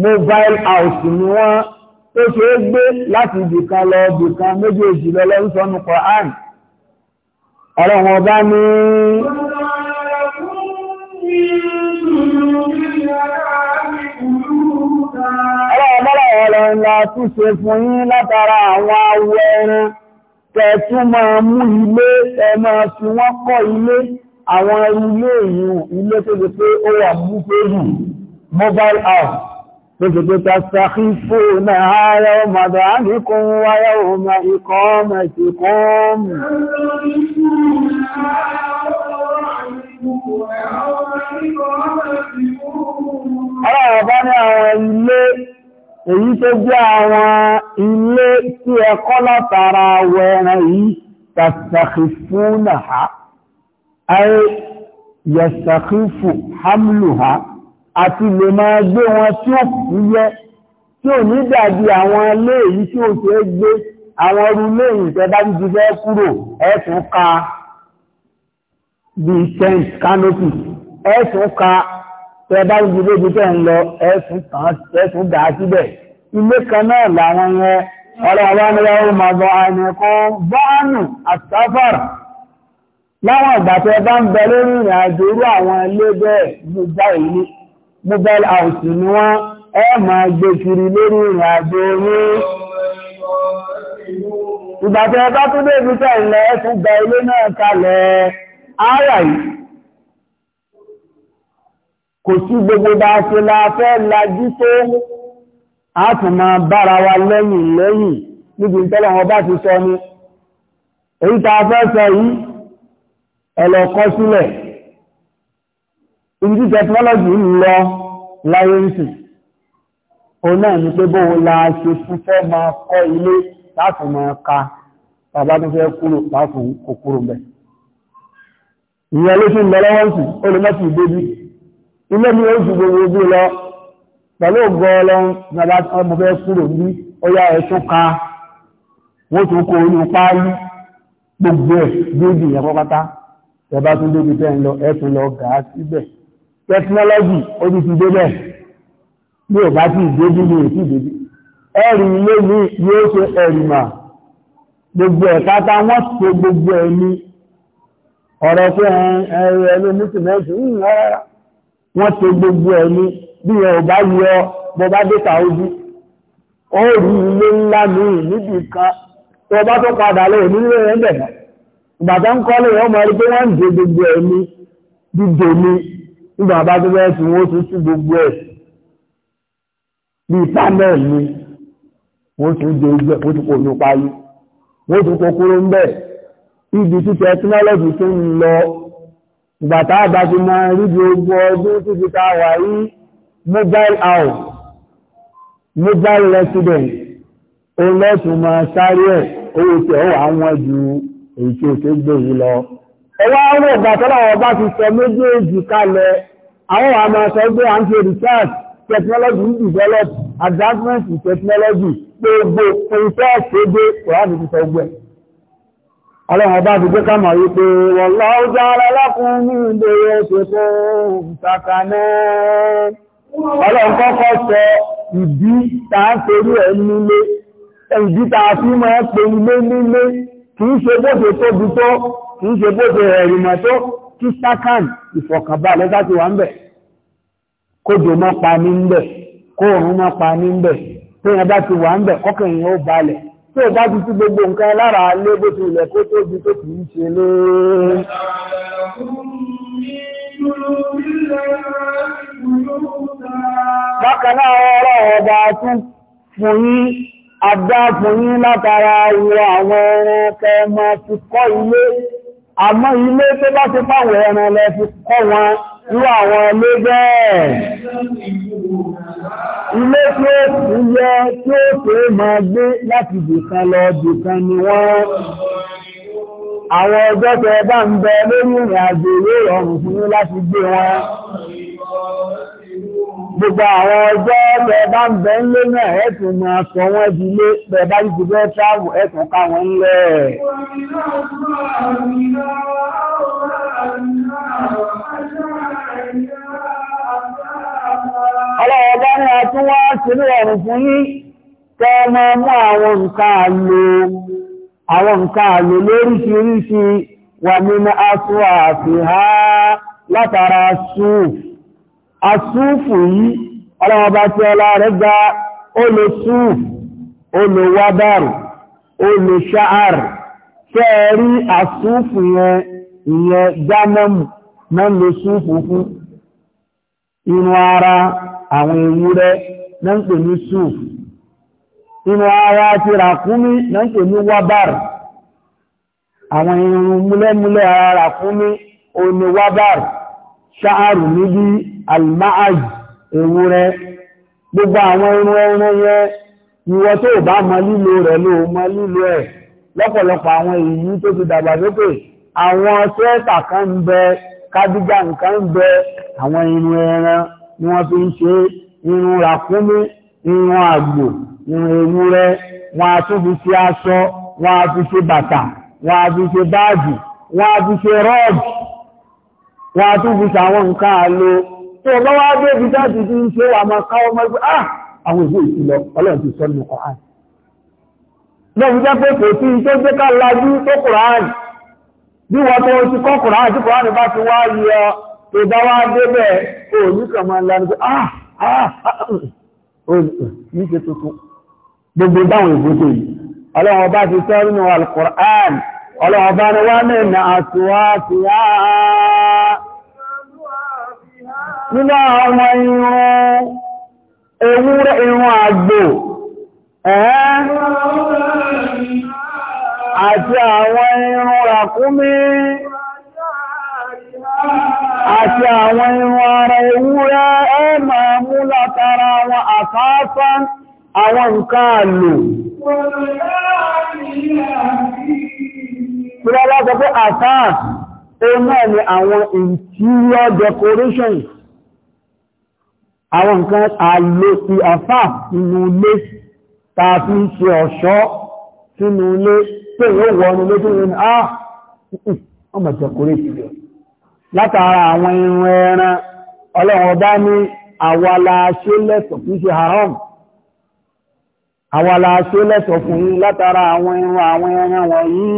mobile house ni wọ́n tó ṣe é gbé láti ibìkan lọ ibìkan méjèèjì lọ lọ́rún sọ́nù Quran ọ̀rọ̀ ńlá túnṣe fún àwọn ilé ìyún ilé tó lè pé ó wà mú pé mobile house فسجد تستخفونها يوم ذعنكم ويوم إقامتكم Ọlọ́run bá ní àwọn ilé, èyí tó jẹ́ àwọn ilé tí ẹkọ́ látara wẹ̀rẹ̀ yìí, tàṣàkìfúnà ha, ayé yẹ̀ṣàkìfù hamlu ha. àti lè máa gbé wọn tí ó kú yẹ tí ò ní dàbí àwọn ilé èyí tí ó ṣe é gbé àwọn ọrú léyìn ìjọba jíjí fẹ́ kúrò ẹ̀sùn ka bíi tent canopy ẹ̀sùn ka tẹ́ẹ̀bá jíjí lójú tẹ́ ń lọ ẹ̀sùn kan ẹ̀sùn dà síbẹ̀ ilé kan náà làwọn yẹn ọlọ́wọ́ ni wọ́n máa bọ àyẹ̀kọ́ bọ́ọ̀nù àtàfàrà láwọn ìgbà tẹ́ẹ̀bá ń bẹ lórí ìrìn àjò irú àwọn ilé bẹ́ẹ̀ gbogbo ìlú mobile house ni wọ́n ẹ máa gbé kiri lórí ìrìn àjò ní ìgbàtẹ̀ ẹbá tó dé ìrúta ilẹ̀ ẹkùn gba ilé náà kalẹ̀ ara yìí kò sí gbogbo bá ṣe la fẹ́ lajú tó a tún máa bára wa lẹ́yìn lẹ́yìn níbi ìtọ́lọ̀ wọn bá ti sọ ni èyí tá a yìí ẹ̀lọ́kọ́ sílẹ̀ ibi tí technology ń lọ láyé ń òun náà ni pé bóun la ṣe fún fẹ́ máa kọ́ ilé láti máa ka bàbá tó fẹ́ kúrò láti kò kúrò bẹ̀. ìyẹn ló ṣe ń lọ lọ́wọ́ sí olùmọ́sí ìdébí ilé mi ó ju gbogbo ojú lọ pẹ̀lú ògbọ́ ọlọ́run bàbá ọmọ fẹ́ kúrò bí ó yá ẹ̀ṣọ́ ka wọ́n tún kó inú páálí gbogbo ẹ̀ débi ìyẹn pátá ẹ bá débi tẹ́ ń lọ ẹ tún lọ gàá síbẹ̀ tẹkinọ́lọ́jì ó ti ti débẹ̀ bí ò bá ti ìdójú ní èsì ìdójú ẹ̀rì ilé ní yóò ṣe ẹ̀rìmà gbogbo ẹ̀ka tá wọ́n ṣe gbogbo ẹ̀ ní ọ̀rọ̀ pé ẹ̀rọ ẹ̀lú mùsùlùmí ń rárá wọ́n ṣe gbogbo ẹ̀ ní bí o ò bá yọ bọ́ bá dé kàójú ó rí ilé ńlá ní níbi kan tó bá tó padà lọ nílé rẹ̀ ń bẹ̀ ìgbà tó ń ọmọ rí pé wọ́n ń dé gbogbo ẹ̀ ní dídò ní nígbà bá tó bẹ́ẹ̀ tún wọ́n tún sí gbogbo ẹ̀ bíi panel ni wọ́n tún jẹ ogbẹ́ wọ́n tún kò ní parí wọ́n tún kòkòrò ń bẹ̀ ibi tí tẹkinọ́lọ́jì tó ń lọ ìgbà tá a bá ti máa rí di ogun ọdún títí tá a wà rí mobile house mobile resident òun lọ́tún máa sáré ẹ̀ owó tí ọ̀ wà ju èyí tí ó ṣe gbé yìí lọ ẹwà àwọn ọ̀gbà tọ́lọ̀wọ̀ bá ti sọ méjèèjì kalẹ̀ àwọn àmà sọ pé à ń ṣe research technology develop advancement in technology gbogbo princess ebe kòránì ti sọ gbẹ́ ọlọ́run ọba ti gbé kàmà wípé wọ́n lọ́wọ́ jára lákùn ní ìbẹ̀rẹ̀ ṣe fún ìtàkànà ọlọ́run kọ́kọ́ sọ ìdí tààfẹ́rú ẹ̀ nílé ìdí tààfí máa pè nílé nílé kìí ṣe bó ṣe tóbi tó kì í ṣe bó ṣe ẹ̀rì mọ̀ tó kí sákàn ìfọ̀kànbà lẹ́sà ti wà ń bẹ̀ kódò mọ́ pa ní ń bẹ̀ kóòrùn mọ́ pa ní ń bẹ̀ tó yẹn bá ti wà ń bẹ̀ kọ́kànlẹ̀ ó balẹ̀ tí ó bá ti sí gbogbo nǹkan lára lé bó ti ilẹ̀ kó tó di tó kì í ṣe lé Bákan fún yín látara ìwọ àwọn ẹranko ẹmọ ti kọ́ ilé àmọ́ ilé tó bá ti pàwọ̀ ẹran lẹ fi kọ́ wọn irú àwọn ilé bẹ́ẹ̀ ilé tí ó ti yẹ tí ó tó máa gbé láti dìkan lọ dìkan ni wọ́n àwọn ọjọ́ tẹ bá ń bẹ lórí ìrìn àjò yóò rọrùn fún láti gbé wọn gbogbo àwọn ọjọ́ tẹ́ bá ń bẹ ń lé náà ẹ̀tùn máa sọ wọ́n di lé tẹ́ bá jù bẹ́ tráàmù ọrụ ká wọ́n ọlọ́wọ́ bá ní ọtún wá sínú ọ̀rùn fún yí tẹ́ àwọn nǹkan àlò lóríṣiríṣi asúùfù yìí ọlọ́wọ́ bá tí ọlá rẹ̀ gba olùsúùfù olùwádàrù olùṣáàrù fẹ́ẹ̀rí asúùfù yẹn ìyẹn jámẹ́mù náà lè súùfù fún inú ara àwọn ewúrẹ́ náà ń ní súùfù inú ara ti ràkúnmí náà ní wádàrù àwọn irun múlẹ́múlẹ́ ara ràkúnmí oníwádàrù ṣáàrù níbi alma'aj ewu rẹ gbogbo àwọn irun ẹran yẹ ìwọ tó bá mọ lílo rẹ̀ ló mọ lílo ẹ̀ lọ́pọ̀lọpọ̀ àwọn èyí tó ti dàgbà lókè àwọn sẹ́ẹ̀tà kan ń bẹ kádígà nǹkan ń bẹ àwọn irun ẹran ni wọ́n fi ń ṣe irun ràkúnmí irun àgbò irun ewúrẹ́ wọ́n a tún fi ṣe aṣọ wọ́n a fi ṣe bàtà wọ́n a fi ṣe báàgì wọ́n a fi ṣe rọ́ọ̀gì wọ́n a tún fi sàwọn nǹkan àlò tó ọba wá dé ibi táàtì tí ń ṣe àmà káwọ́ mọ́ ẹgbẹ́ ah àwọn ìwé ìsìlọ ọlọ́run ti sọ nínú Quran lọ́wọ́ jẹ́ pé kò sí tó jẹ́ ká lajú tó Quran bí wọ́n tó ti kọ́ Quran tí Quran bá ti wá yọ tó bá wá bẹ́ẹ̀ kò ní kàn máa lanu pé ah! Ah! Ah! ní ṣe tuntun gbogbo dáwọn ìbúté yìí ọlọ́run ọba ti sọ nínú ọlọ́run ọba ni wọ́n mẹ́rin àtúwá ti nínú àwọn irun ewúrẹ́ irun àgbò ẹ̀ẹ́n àti àwọn irun ràkúnmí àti àwọn irun ara ewúrẹ́ ẹ máa mú látara àwọn àfáàfá àwọn nǹkan àlò Tí wọ́n pé àfáà, ó náà ni àwọn interior decorations àwọn nǹkan àlòsí àfà nínú ilé ta fi ń ṣe ọ̀ṣọ́ sínú ilé tó yóò wọnú lójú ìrìn ah ọmọ ìjọkùnrin ti rẹ̀ látara àwọn irun ẹran ọlọ́run ọba ní àwàlà ṣe lẹ́tọ̀ haram àwàlà ṣe lẹ́tọ̀ fún yín látara àwọn irun àwọn ẹran wọ̀nyí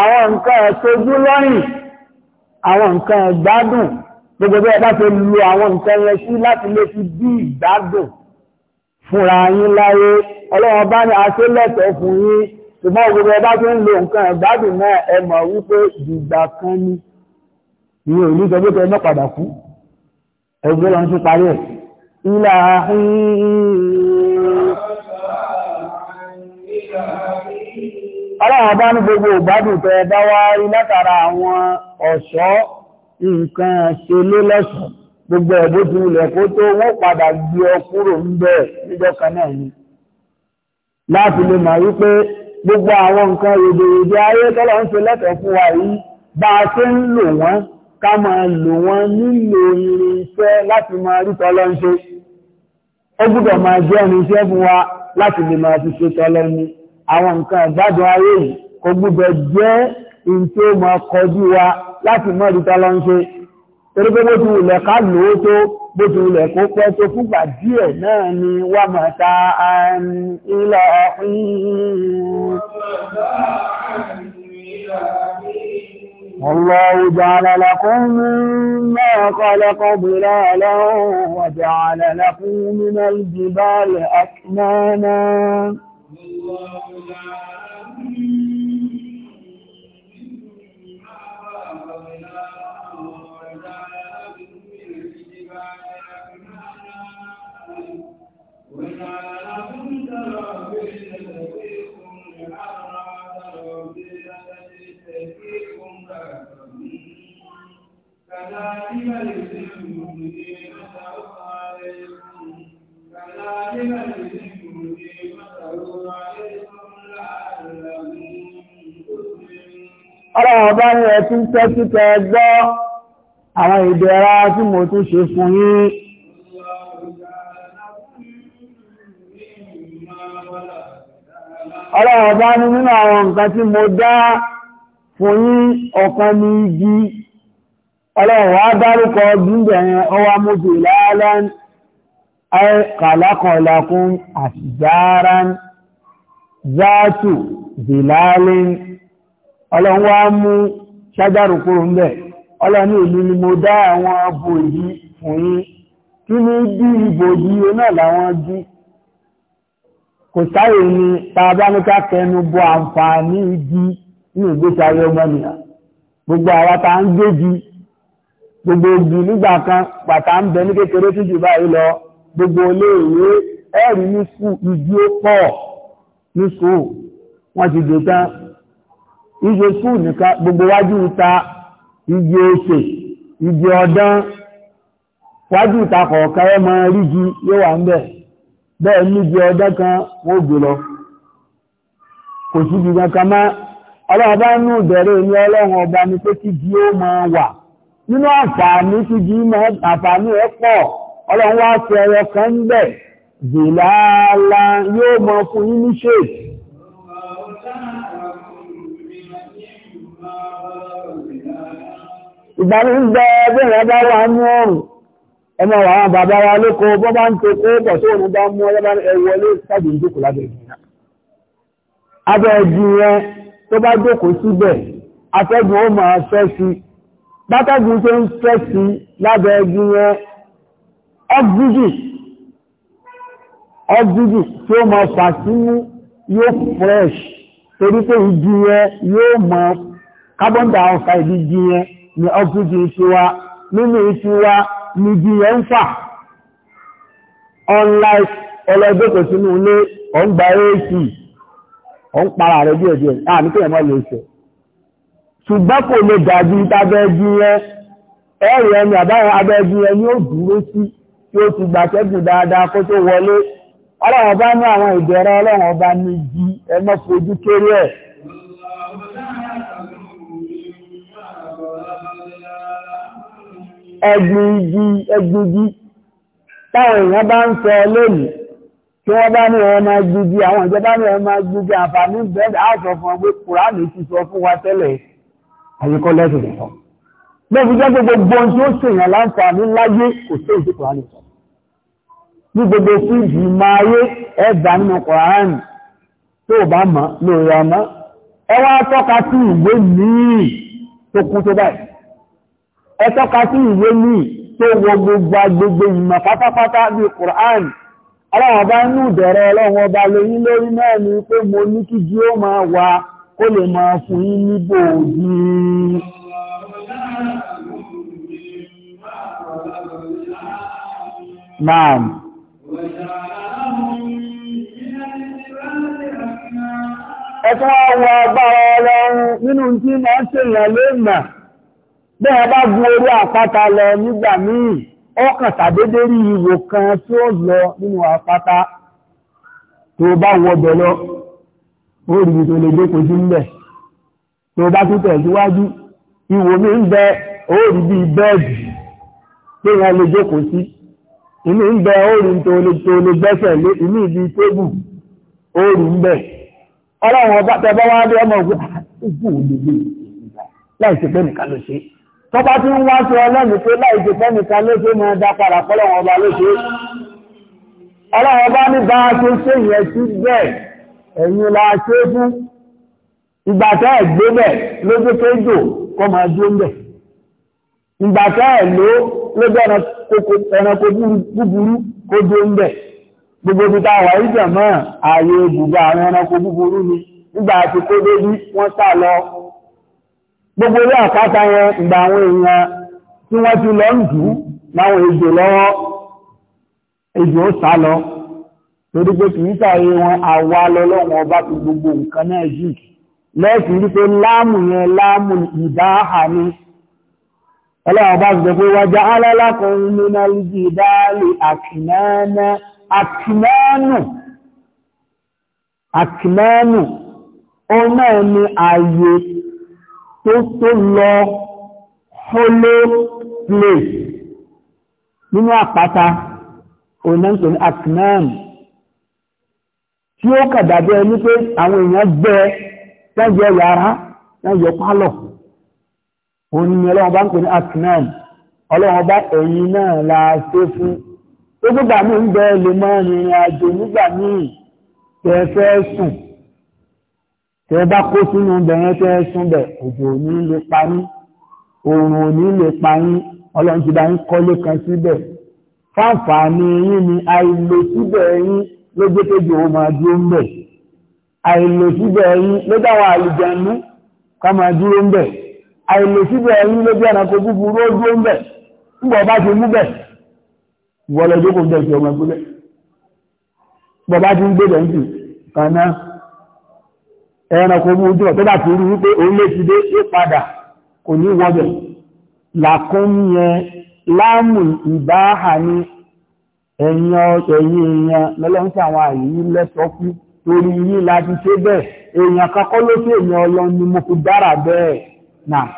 àwọn nǹkan ẹ̀ṣojú lọ́rìn àwọn nǹkan ìgbádùn gbogbo bí ẹbá ṣe lu àwọn nǹkan yẹn sí láti lè fi bí ìgbádùn fúnra yín láyé ọlọ́wọ́n bá ní aṣẹ́ lẹ́tọ̀ọ́ fún yín ṣùgbọ́n gbogbo ẹbá ṣe ń lo nǹkan ìgbádùn náà ẹ mọ̀ wípé ìgbà kan ní ìyẹn ò sọ pé padà kú ẹgbẹ́ lọ ń parí ẹ̀ ilà ọlọ́wọ́n bá ní gbogbo ìgbádùn tẹ bá wá rí látara àwọn ọ̀ṣọ́ nǹkan ṣe lé lọ́sàn gbogbo ẹ̀bó ti ilẹ̀ kó tó wọ́n padà gbé ọ kúrò ń bẹ̀ níjọ́ kan náà ni láti lè mọ̀ wípé gbogbo àwọn nǹkan rèdèrèdè ayé tọ́lọ́ ń ṣe lẹ́tọ̀ọ́ fún wa yìí bá a ṣe ń lò wọ́n ká máa lò wọ́n nílò irinṣẹ́ láti máa rí tọ́lọ́ ń ṣe ó gbúdọ̀ máa jẹ́ irinṣẹ́ fún wa láti lè máa fi ṣe tọ́lọ́ ní àwọn nǹkan ìgbádùn ayé yìí kò gbúdọ̀ jẹ́ in tí ó máa kọjú wa láti mọ́ ìdíta lọ ń ṣe torí bó ti wùlẹ̀ ká lò bó ti wùlẹ̀ kó pẹ́ tó fúgbà díẹ̀ náà ni wà máa ta ilẹ̀ والله جعل لكم مما خلق ظلالا وجعل لكم من الجبال أكنانا Gracias. ọlọ́wọ́ bá ní ẹtí ń tẹ́ títẹ gbọ́ àwọn tí mo tún ṣe fún yín ọlọ́wọ́ ní nínú àwọn nǹkan tí mo dá fún ọ̀kan ní igi ọlọ́wọ́ á dárúkọ gíndẹ̀rin ọwá mójú ìlàálán kàlákọ̀ọ́lákún àti zaatu zilalin ọlọ́run wá mú ṣájárù kúrò ń bẹ̀ ọlọ́run ni mo dá àwọn abòyí fún yín kí ní bí ibòyí náà jí kò ni kẹnu bọ àǹfààní igi ní gbogbo àwa tá ń gbogbo igi nígbà kan pàtà ń bẹ ní gbogbo olóòwé ẹ̀rí ní ó pọ̀ ní si wọ́n ti dè tán gbogbo wájú ta ìjẹ oṣè ìjẹ ọ̀dán wájú ta kọ̀ọ̀kan ẹ máa rí ju yóò wà ń bẹ́ẹ̀ níjẹ ọ̀dán kan wọ́n gbé lọ kò síbi kankan ọlọ́run bá bẹ̀rẹ̀ ní ọlọ́run ọba ni pé kí di ó máa wà nínú àǹfààní kí di àǹfààní ẹ pọ̀ ọlọ́run Jìláàlá yóò mọ fún yí ní ṣètì. Ìgbàmí ń gbẹ bẹ́rẹ̀ bá wà ní ọrùn, ẹmọ wà wọn bàbá wa lóko bọ́ bá ń tokó bọ̀ tó òun bá mú ọlọ́bá ẹwọlé sáàbì ìjókò lábẹ́ ìrìnà. Abẹ́ ẹ̀dì rẹ tó bá jókòó síbẹ̀, atẹ́gùn ó máa fẹ́ sí. Bátẹ́gùn tó ń fẹ́ sí lábẹ́ ẹ̀dì rẹ, ọ́gbíjì ọ́gbìdì tí ó máa fàṣínú yóò fresh torí pé igi yẹn yóò mọ carbon dioxide igi yẹn ni ọ́gbìdì tiwa nínú tiwa ni igi yẹn ń fà unlike ọlọ́gbẹ́ kò sínú ilé ọ̀n gba ac ọ̀n para rẹ̀ díẹ̀ díẹ̀ náà ní kéèyàn máa lè ṣe ṣùgbọ́n kò lè dàbí tábẹ́ igi yẹn ẹ̀rì ẹni àbáwọn abẹ́ igi yẹn ni ó dúró sí tí ó ti gbàtẹ́gùn dáadáa kó tó wọlé ọlọ́run ọba ní àwọn ìbẹ̀rẹ̀ ọlọ́run ọba méjì ẹ má fojú kéré ẹ̀ ẹgbìgì ẹgbìgì táwọn èèyàn bá ń sọ lónìí tí wọ́n bá ní ọmọ agbègbè àwọn ìjọba ní ọmọ agbègbè àǹfààní bẹ́ẹ̀ á sọ fún ọ pé kùránì ti sọ fún wa tẹ́lẹ̀ àyíkọ́ lẹ́sìn sọ. bẹ́ẹ̀ fi jẹ́ gbogbo ohun tí ó ṣèyàn láǹfààní láyé kò sí èsì kùránì sọ ní gbogbo sí ìjìmọ̀ ayé ẹgbà nínú kọ̀ránì tó bá mọ́ lórí ọmọ ẹwà tọ́ka sí ìwé míì tó kú tó báyìí ẹ tọ́ka sí ìwé míì tó wọ gbogbo agbègbè ìmọ̀ pátápátá bí kọ̀ránì aláwọ̀ bá nú ìdẹ̀rẹ̀ ọlọ́wọ́ bá lóyún lórí náà ni pé mo ní kí jí lè máa Ẹ̀tọ́ ọwọ́ agbára ọlọ́run nínú tí máa ń ṣèyàn lé ìgbà. Bẹ́ẹ̀ bá gun orí àpáta lọ nígbà míì, ọkàn tàdédé rí ìwò kan tí ó lọ nínú àpáta tó bá wọbẹ̀ lọ, ó rí tó lè dé kò sí ń bẹ̀. Tó bá tún tẹ̀síwájú, ìwò mi ń bẹ, inú ń bẹ oòrùn tòlótòló gbẹ́sẹ̀ lé inú ibi tébù oòrùn bẹ̀ ọlọ́run ọba tẹ́bá wá dé ọmọ ògbà ah, ìgbò olùgbé láìsí pé nìkan ló ṣe tọ́ba tí ń wá sí ọlọ́run pé láìsí pé nìkan ló ṣe máa dá padà fọlọ́run ọba ló ṣe ọlọ́run ọba ní bá a ṣe ṣe ìyẹn sí bẹ́ẹ̀ ẹ̀yin la ṣe fún ìgbà tẹ́ ẹ̀ gbé bẹ̀ lójú kéjò kọ́ máa dúró bẹ̀ ìgbà tẹ́ ẹ̀ ló lójú ẹranko búburú kó dé ń bẹ̀. Gbogbo ti ta wà ìjọ náà ààyè ibùgbà àwọn ẹranko búburú ni nígbà àti kó dé bí wọ́n sá lọ. Gbogbo ilé àpáta yẹn ìgbà àwọn èèyàn tí wọ́n ti lọ ń jù láwọn ejò lọ́wọ́, ejò ó sá lọ. Torí pé kìí ọlọ́wọ́ bá ṣe pé wájá alálàkùnrin nínú ìjì ìdáàlì àkìmẹ́ẹ̀nù àkìmẹ́ẹ̀nù ó náà ni ààyè tó tó lọ hollow place nínú àpáta onáńtò ní àkìmẹ́ẹ̀nù tí ó kàdàbẹ́ ní pé àwọn èèyàn gbẹ́ tẹ́jọ yàrá tẹ́jọ pálọ̀ òun ni ọlọ́run bá ń pè ní aknan ọlọ́run bá ẹ̀yìn náà la ṣe fún ó gbígbà mí ń bẹ lè mọ́ ìrìn àjò nígbà míì tẹ fẹ́ sùn tẹ bá kó sínú bẹ̀rẹ̀ tẹ sùn bẹ̀ òjò ò ní lè pa yín oòrùn ò ní lè pa yín ọlọ́run ti bá ń kọ́lé kan síbẹ̀ fáǹfààní yín ni àìlò síbẹ̀ yín ló gbé tójú ó máa dúró ń bẹ̀ àìlò yín ló dáwọn àlùjẹ̀nú ká máa dúró ń bẹ̀ àìlèsíbẹ̀ ẹ̀yìn lójú ẹ̀nà tó búburú ó dúró ń bẹ̀ ńgbọ̀ bá ti mú bẹ̀ wọlé jókòó bẹ̀ sí ọmọ ẹgbẹ́ bọ̀ bá ti ń gbé bẹ̀ǹtì kaná ẹranko mú ojú ọ̀ tó bá ti rí wípé òun lè ti dé ìpadà kò ní wọ́bẹ̀ làkún yẹn láàmù ìbáhà نعم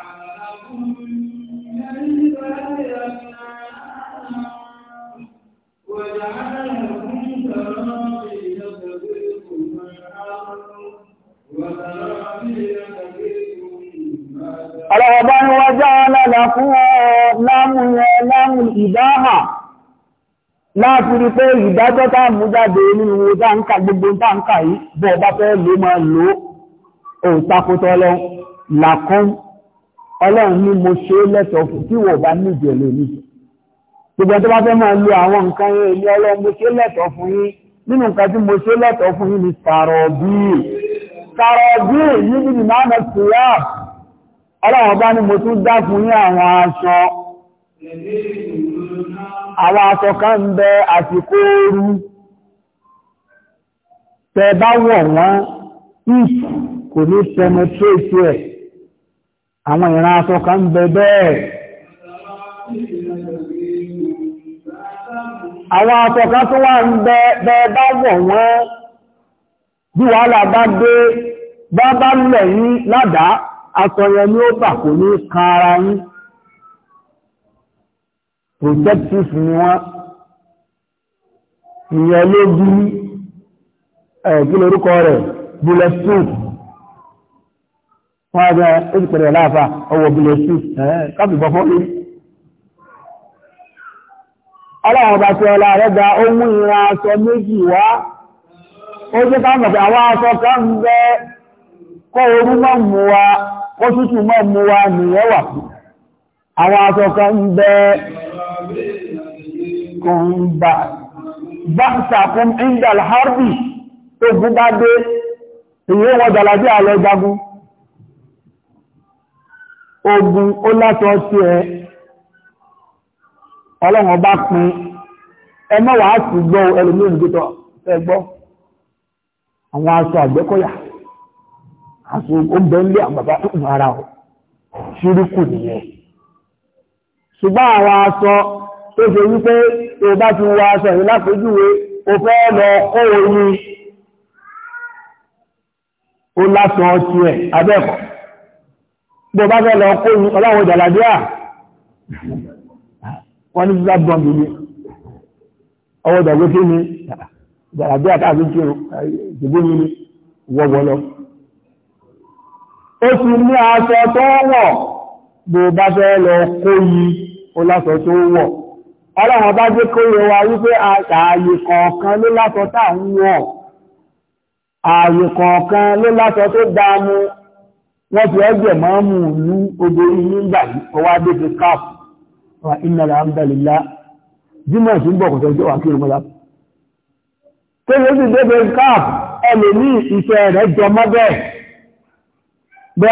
Ọlọ́wọ́bá ni wọ́n já lọ́lọ́ fún lámù yẹn lámù ìdáhà láti rí pé ìdájọ́ tá mú jáde nínú dáńkà gbogbo dáńkà yìí bọ̀ bá fẹ́ ló máa lò ó làkún ọlọ́run ní mo ṣe é lẹ́tọ̀ọ́ fún tí wọ́n bá níjẹ̀ lónìí ṣùgbọ́n tó bá fẹ́ máa lo àwọn nǹkan yẹn èmi mo ṣe tí mo ṣe ni sàrọ̀bíì sàrọ̀bíì níbi ìmáàmù tìyà ọlọ́run mo tún dá fún yín àwọn aṣọ àwọn aṣọ kan ń bẹ àsìkò bá wọ̀ wọ́n kò àwọn ìran aṣọ kan ń bẹ bẹ́ẹ̀ àwọn aṣọ kan tó wà ń bẹ bá wọ̀ wọ́n bí wàhálà bá dé bá bá lẹ̀ yín ládàá aṣọ ní ó bà kò ní kan ara yín protective ni wọ́n ìyẹn ló bí ẹ̀ kí lórúkọ rẹ̀ bulletproof wọ́n ẹgbẹ́ olùpẹ̀rẹ̀ láàfà ọwọ́ bílẹ̀ sí káàkiri bọ́ lórí. tí ọlá aṣọ méjì wá ó jẹ́ àwọn aṣọ kọ́ orú tútù àwọn aṣọ ogun ó lásọ sí ẹ ọlọ́run bá pin ẹ mọ́wàá á sì gbọ́ ẹlòmíràn tó tọ́ fẹ́ gbọ́ àwọn aṣọ àgbẹ́kọ̀yà aṣọ oúnjẹ ń lé àwọn bàbá tó kùn ara ọ̀ ṣíríkù nìyẹn ṣùgbọ́n àwọn aṣọ tó ṣe wípé tó bá ti wọ aṣọ yìí lápèjúwe o fẹ́ lọ kó oyin ó lásọ ọtí ẹ̀ abẹ́kọ̀ọ́ bó bá fẹ́ lọ kó ní ọláwọ̀ jàládíà wọ́n ní sísá bọ́m̀bì ní ọwọ́ ìdàgbé kí ni jàládíà tàbí kí ìdìbò ní wọ́wọ́ lọ ó sì ní aṣọ tó wọ̀ bó bá fẹ́ lọ kó yí ọlásọ tó wọ̀ ọlọ́run bá jẹ́ kó yẹ wa wípé ààyè kọ̀ọ̀kan ló lásọ táà ń wọ̀ ààyè kọ̀ọ̀kan ló lásọ tó dáa mu wọ́n fi ẹgbẹ̀ máa mú ìlú obìnrin nígbà ọwá dé fi káàpù wà iná alhamdulillah jímọ̀ sí ń bọ̀ kọ̀tọ̀ ìjọwà kí ìrìnmọ́lá tó yóò sì débẹ̀ káàpù ẹlẹ̀ ní iṣẹ́ rẹ̀ jọ mọ́bẹ̀ bí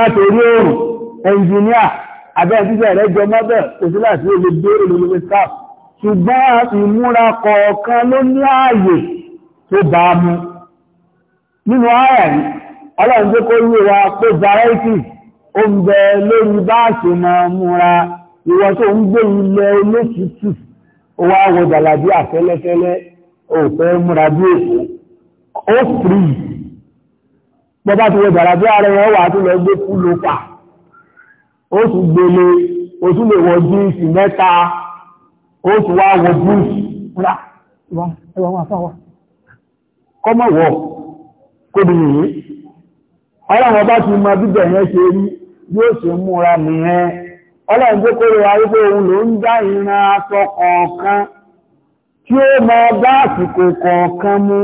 ọlọ́run tó kó yé wa pé variety ó ń bẹ lórí báàṣì máa múra ìwọ tó ń gbé ilẹ̀ olókìtì wá àfẹ́lẹ́fẹ́lẹ́ múra bí èkó ó fìrí wà tó lọ gbé kú ó gbélé ó tún lè wọ jíǹsì mẹ́ta ó wá ọlọ́run bá ti mọ bíbẹ̀ yẹn ṣe rí yóò ṣe múra nìyẹn ọlọ́run tó kó rẹ̀ wípé òun ló ń dá ìran aṣọ kọ̀ọ̀kan tí ó máa bá àsìkò kọ̀ọ̀kan mú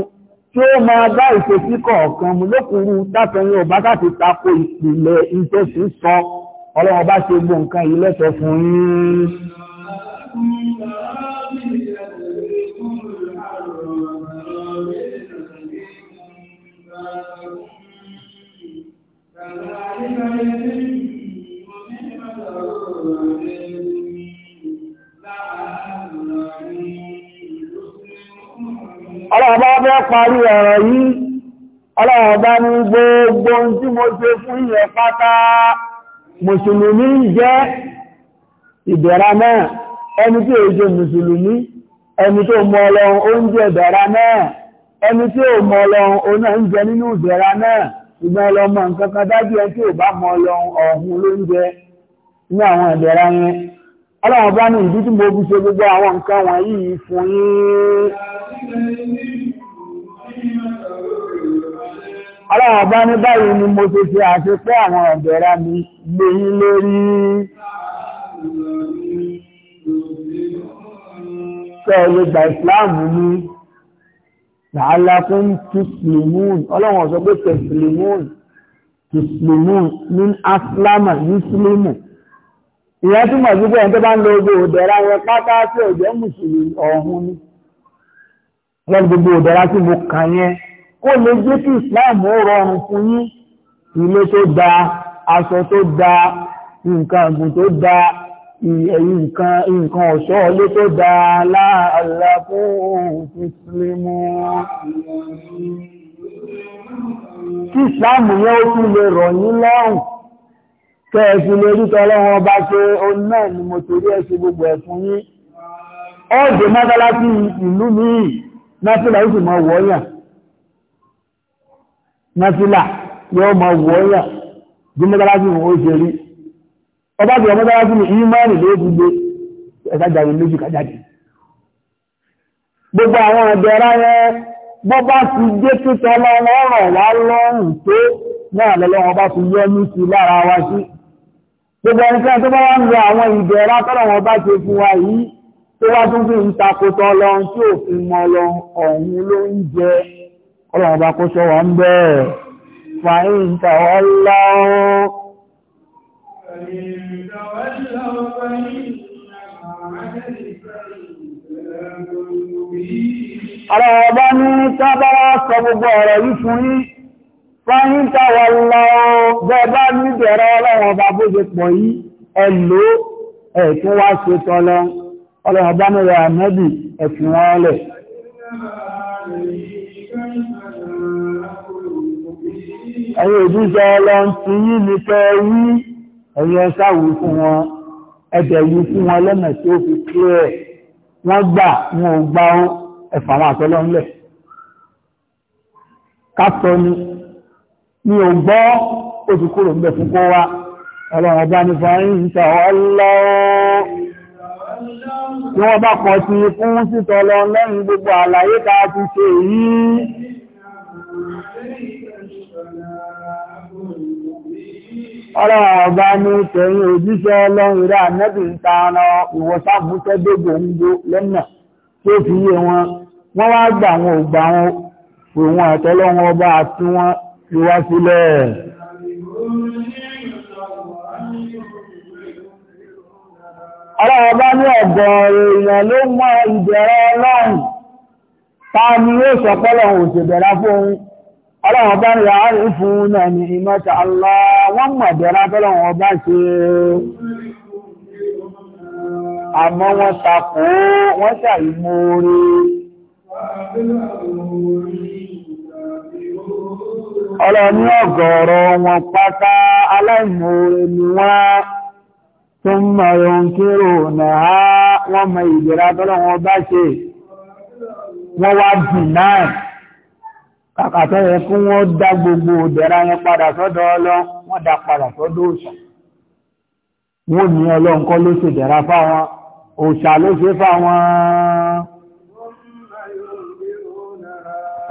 tí ó ma bá ìṣesí kọ̀ọ̀kan lókùnrin tátọyìn ọba bá ṣe gbọ́ nǹkan yìí lẹ́sọ̀ ọlọ́ọ̀bá fẹ́ parí ọ̀rọ̀ yìí ọlọ́ọ̀bá ní gbogbo tí mo ṣe fún ìyẹ̀ pátá mùsùlùmí jẹ́ ìdẹ̀ra náà ẹni tí ó jẹ́ mùsùlùmí ẹni tó mọ ọlọ́run oúnjẹ ìdẹ̀ra náà ẹni tí ó mọ ọlọ́run oná ń nínú ìdẹ̀ra náà ìgbọ́n Ọlọ́wọ̀ bá ní báyìí ni mo ṣe ṣe àti pé àwọn ọ̀dẹ̀ra mi gbé yín lórí. Ṣẹ́ẹ̀lẹ̀ gba ìsìláàmù ní làálá fún Tùsùlùmùn, ọlọ́wọ̀n sọ pé Tùsùlùmùn, Tùsùlùmùn ní Aslámà ní Sùlùmù. Ìyẹn tí mọ̀ síbẹ̀ tó bá ń lo gbogbo òdẹ̀ra yẹn pátá sí òjẹ́ Mùsùlùmí ọ̀hún ni. Lọ́n gbogbo òdẹ̀ra tí mo kà yẹn kó lè jẹ́ kí islam rọrùn fún yín ilé tó da aṣọ tó da nǹkan ọ̀gbìn tó da nǹkan ọ̀ṣọ́ ilé tó da láàrá fún ìsìnlẹ̀mù kí islam yẹn ó tún lè rọ̀ yín lọ́rùn kẹ́ẹ̀sì lè rí tọ́lọ́wọ́n ọba ṣe òun náà ni mo torí ẹ̀ ṣe gbogbo ẹ̀ fún yín ọ̀dẹ̀ mọ́tálá ìlú míì náà fúnra ó sì mọ náfílà yóò máa wọ́ yà bí mọ́tàlájú wọn ó ṣe rí ọba tí ọmọ mọ́tàlájú ní ìmọ̀rìn ló ti gbé ẹ̀ka jàre méjì kájáde gbogbo àwọn ọ̀dọ́ rárẹ́ bọ́ bá ti dé títọ́ lọ́rọ̀ wá lọ́rùn tó náà lọ́lọ́wọ́ bá ti yọ́ ní sí lára wa sí gbogbo ẹnikẹ́ tó bá wá ń lo àwọn ìdẹ̀ra tọ́lọ̀wọ́ bá ṣe fún wa yìí tó wá tún fi ń takotọ́ lọ tí òfin mọ́ lọ ọ̀hún ló ń jẹ́ ọlọ́run bá kó ṣọ́ wa ń bẹ́ẹ̀ fàáyín tàwọ́ láwọ́ ọlọ́run bá ní tábára sọ gbogbo ọ̀rọ̀ yìí fún yí fàáyín tàwọ́ láwọ́ bẹ́ẹ̀bá ní bẹ̀rẹ̀ ọlọ́run bá bó ṣe pọ̀ yí ẹ̀lò ẹ̀tún wá ṣe tọ́lọ ọlọ́run bá ní rẹ̀ àmẹ́bì ẹ̀fìn ẹ̀yin òjíṣẹ́ ọlọ́run ti yí ni fẹ́ rí ẹ̀yin ẹ̀sáwù fún wọn ẹ̀bẹ̀ yìí fún wọn lọ́nà tí ó fi clear wọ́n gbà wọn ò gbà ó ẹ̀fà àwọn àtọ́lọ́ńlẹ̀ kásọ ni mi ò gbọ́ ó ti kúrò ń bẹ̀ fún kó wá ọlọ́run ọba ní fọ́nrín ìṣà ọlọ́run tí wọ́n bá kọ̀ sí fún sítọ̀ lọ lẹ́yìn gbogbo àlàyé tá ti ṣe yìí ọba ní tẹ̀yìn òjíṣẹ́ ọlọ́run rẹ̀ ànẹ́bì ń ta ara ìwọ̀sáfúnṣẹ́ dégbò ń gbó lẹ́nà tó fi yé wọn wọ́n wá gbà wọn ò gbà ọba àti wọn ti wá sílẹ̀ ní èèyàn ló mọ ìbẹ̀rẹ̀ ọlọ́run ta ni yóò sọ ọlọ́wọ̀n bá ń ra rí fún náà ní ìmọ́ta Allah wọ́n mọ̀ dẹ̀ra tọ́lọ́wọ̀n bá ṣe àmọ́ wọ́n takò wọ́n ṣàìmóorí ọlọ́wọ̀n ní ọ̀gọ̀ọ̀rọ̀ wọn pátá aláìmóorí ni wọ́n tó mọ̀ yóò náà wọ́n mọ̀ ìdẹ̀ra tọ́lọ́wọ̀n bá ṣe wọ́n wá dì náà kàkàtọ́ yẹ kí wọ́n dá gbogbo òdẹ̀ra yẹn padà sọ́dọ̀ ọlọ́run wọ́n dá padà sọ́dọ̀ òòṣà wọ́n ní ọlọ́run kọ́ ló ṣèdẹ̀ra fáwọn òòṣà ló ṣe fáwọn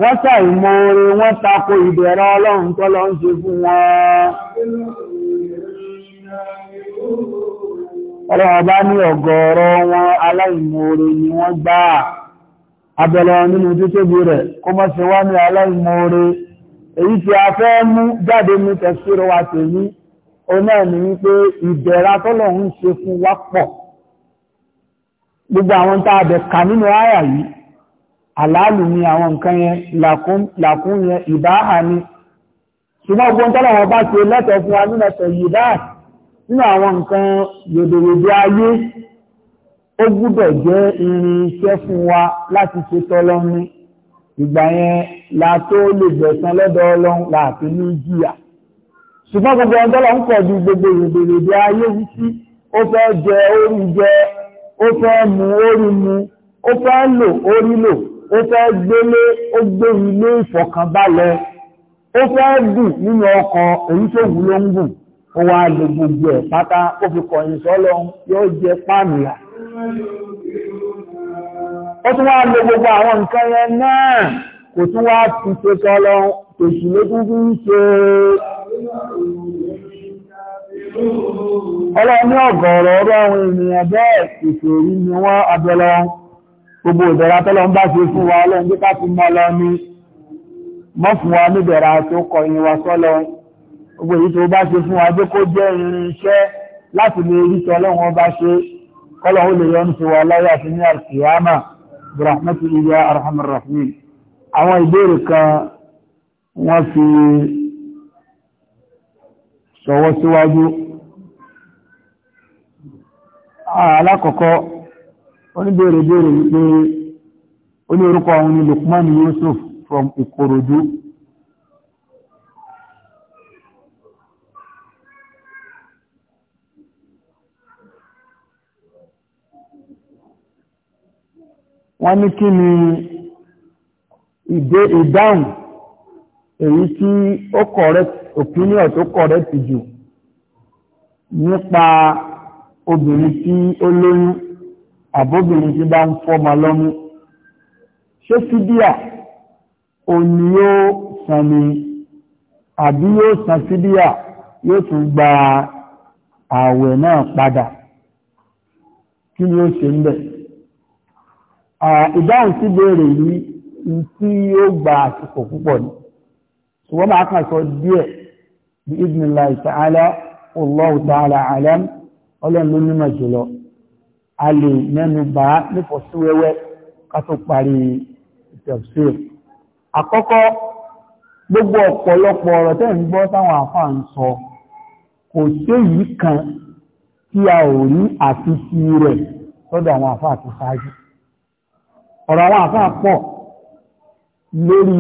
wọ́n ṣàì mọ oore wọ́n tako ìdẹ̀ra ọlọ́run tó lọ fún wọn ọlọ́run bá ní ọ̀gọ̀ọ̀rọ̀ wọn aláìmọ ni wọ́n gbáà abẹ̀lẹ̀ nínú títóbi rẹ̀ kó mọ́ sí wá ní aláìmoore èyí tí a fẹ́ mú jáde ní tẹ̀síro wa tèmi o náà ní wípé ìdẹ̀ra tọ́lọ̀ ń ṣe fún wa pọ̀ gbogbo àwọn tá a bẹ̀ kà nínú àyà yìí àlàálù ni àwọn nǹkan yẹn làkún yẹn ìbáhà ni ṣùgbọ́n gbogbo tọ́lọ̀ wọn bá ṣe lẹ́tọ̀ọ́ fún wa nínú ẹ̀sẹ̀ yìí ó gbúdọ̀ jẹ́ irinṣẹ́ fún wa láti ṣe tọ́lọ́run ìgbà yẹn la tó lè gbẹ̀san lọ́dọ̀ ọlọ́run láti ní jìyà ṣùgbọ́n gbogbo ọjọ́lọ́ ń pọ̀ ju gbogbo ìrìnbèrèdè ayé wí sí ó fẹ́ jẹ orí jẹ ó fẹ́ mu orí mu ó fẹ́ lò orí lò ó fẹ́ gbélé ó gbé ilé ìfọ̀kànbalẹ̀ ó fẹ́ gùn nínú ọkọ̀ èyí tó wù ló ń gùn ó wá lo gbogbo ẹ̀ pátá ó fi kọ̀yìn sọ́lọ́run yóò jẹ páàmìlà ó tún wá lo gbogbo àwọn nǹkan yẹn náà kò tún wá fi ṣe tọ́lọ tòṣì lógún bí ń ṣe ọlọ́ni ọ̀gọ̀ọ̀rọ̀ ọ̀rọ̀ àwọn ènìyàn bẹ́ẹ̀ pèsè rí ni wọ́n abẹ́lọ gbogbo ìbẹ̀rẹ̀ tọ́lọ ń bá ṣe fún wa ọlọ́ni ká fi mọ́ lọ ní mọ́ fún wa níbẹ̀rẹ̀ tó kọ̀yìn wa sọ́lọ gbogbo èyí tó bá ṣe fún wa jẹ́ kó jẹ́ irin iṣẹ́ láti lè rí tọ́lọ́wọ́n bá ṣe kọ́lọ̀ ó lè yọ́n sí wa láyé àti ní alkiyama burahmatu iya arhamar rahim àwọn ìbéèrè kan wọ́n fi sọ̀wọ́ síwájú alákọ̀ọ́kọ́ oníbèèrè béèrè wípé oní orúkọ àwọn ni Lukman Yusuf from Ikorodu wọ́n ní kí ni ìdé ìdáhùn èyí tí ó correct opinion tó correct jù nípa obìnrin tí ó lóyún àbóbìnrin tí bá ń fọ́mọ lọ́mú ṣé fídíà o ni yóò san ni àbí yóò san fídíà yóò tún gba ààwẹ̀ náà padà kí ni ó ṣe ń bẹ̀rẹ̀ ìdáhùn sí béèrè yìí tí ó gba àsìkò púpọ̀ ni ṣùgbọ́n máa kàn sọ díẹ̀ bí idhnillahi ta'ala Allahu ta'ala alam ọlọ́run ló nímọ̀ jùlọ a lè mẹ́nu bá nífọ̀síwẹ́wẹ́ parí àkọ́kọ́ gbogbo ọ̀pọ̀lọpọ̀ ọ̀rọ̀ tẹ́ ń gbọ́ ń sọ kò kan tí a ò rí rẹ̀ sọ́dọ̀ àwọn ọ̀rọ̀ àwọn àfáà pọ̀ lórí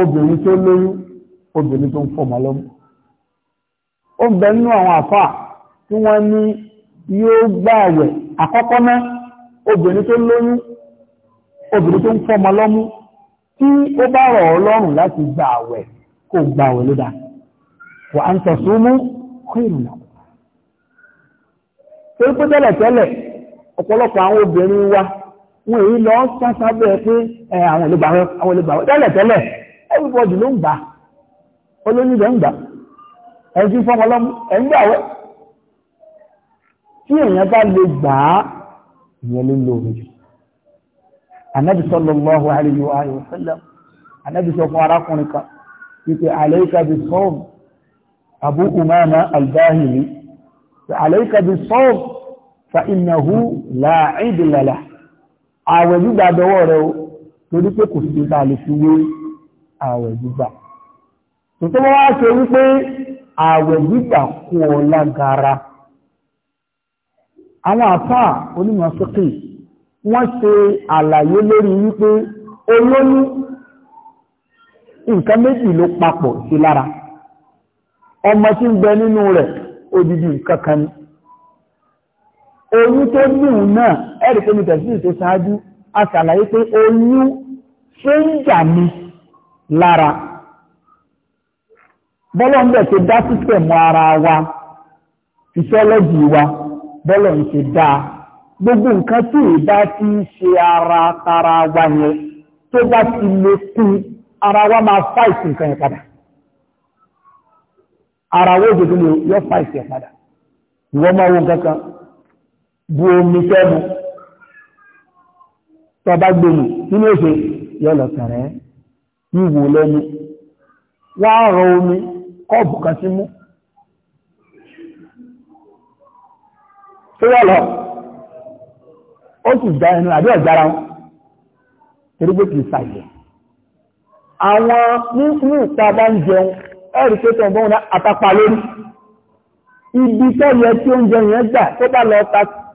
obìnrin tó lórí obìnrin tó ń fọmọ lọ́mú ó bẹ nínú àwọn àfáà tí wọ́n ní yóò gbààwẹ̀ àkọ́kọ́ mẹ́ obìnrin tó lórí obìnrin tó ń fọmọ lọ́mú tí ó bá rọ̀ ọlọ́rùn láti gbààwẹ̀ kó ọ̀pọ̀lọpọ̀ wa wọn èyí lọ sáfá bẹ́ẹ̀ pé àwọn olùgbà wọn àwọn olùgbà wọn tẹ́lẹ̀ tẹ́lẹ̀ everybody ló ń gbà olóyìnbẹ̀ ń gbà ẹ̀jú fọmọlọ́mú ẹ̀ngbàwẹ́ tí èèyàn bá lè gbà á ìyẹn ló lóore jù anábì sallallahu alayhi wa sallam anábì sọ fún arákùnrin kan wípé alayka bis Abu Umama al-Bahili alayka fa innahu la 'idla ààwẹ̀ gbígbà dọwọ́ rẹ o torí pé kò sí ta lè fi wé ààwẹ̀ gbígbà tòtò wọ́n wá ṣe wípé ààwẹ̀ gbígbà kú ọ lágara àwọn àfà onímọ̀ wọ́n ṣe àlàyé lórí wípé olóyún nǹkan méjì ló papọ̀ sí lára ọmọ tí ń bẹ nínú rẹ̀ odidi nǹkan kan ni oyún tó níhùn náà ẹ̀rì pé ní tẹ̀sílì tó ṣáájú a ṣàlàyé pé oyún ṣe ń jà mí lára bọ́lọ̀ ń bẹ̀ tó dá sísẹ̀mù ara wa fisiọ́lọ́jì wa bọ́lọ̀ ń ṣe dáa gbogbo nǹkan tí ìbá ti ṣe ara tara wa yẹn tó bá ti lè kún ara wa máa fáìsì nǹkan yẹn padà ara wo bu omi sẹ́nu tọba gbèmù nínú èsè yọlọ tẹ̀rẹ́ yíwò lẹ́nu wá rọ omi kọ́ọ̀bù kan sí mú tó wà lọ ó sì dá ẹnu àbí ọ̀gbára wọn torí pé kìí sàyẹ̀ àwọn nínú ìta bá ń jẹun ẹ̀rì pé tọ̀gbọ́n àtàpà lórí ibi tẹ́lẹ̀ tí oúnjẹ yẹn gbà tó bá lọ ta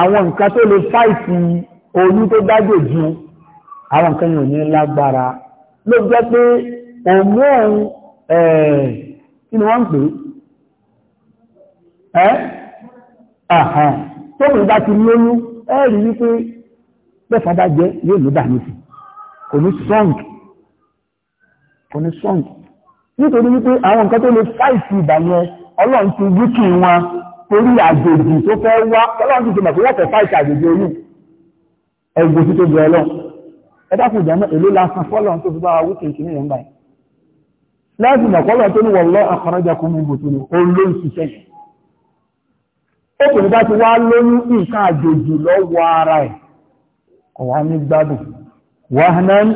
àwọn nǹkan tó lè fáìtì oyún tó dájò ju àwọn nǹkan yìí ò ní lágbára ló jẹ́ pé òmùn kí ni wọ́n ń pè é ẹ́ tó kùn bá ti lóyún ẹ̀rí wípé pẹ́fà bá jẹ́ yóò ló dà nífì kò ní strong kò ní strong nítorí wípé àwọn nǹkan tó lè fáìtì ìbàyẹn ọlọ́run ti wíkì wọn torí àjòjì tó fẹ́ wá ọlọ́run ti mọ̀ pé wọ́n fẹ́ fáìtì àjòjì oyún ẹgbẹ́ tí tó bẹ̀rẹ̀ lọ́n ẹ dákun ìdáná èló lásán fọ́lọ́run tó fi bá wa wíkì ìkíní rẹ̀ ń báyìí láti mọ̀ fọ́lọ́run tó ti wá lóyún nǹkan àjòjì lọ́wọ́ ara ẹ̀ ọ̀wá ní gbádùn wahnan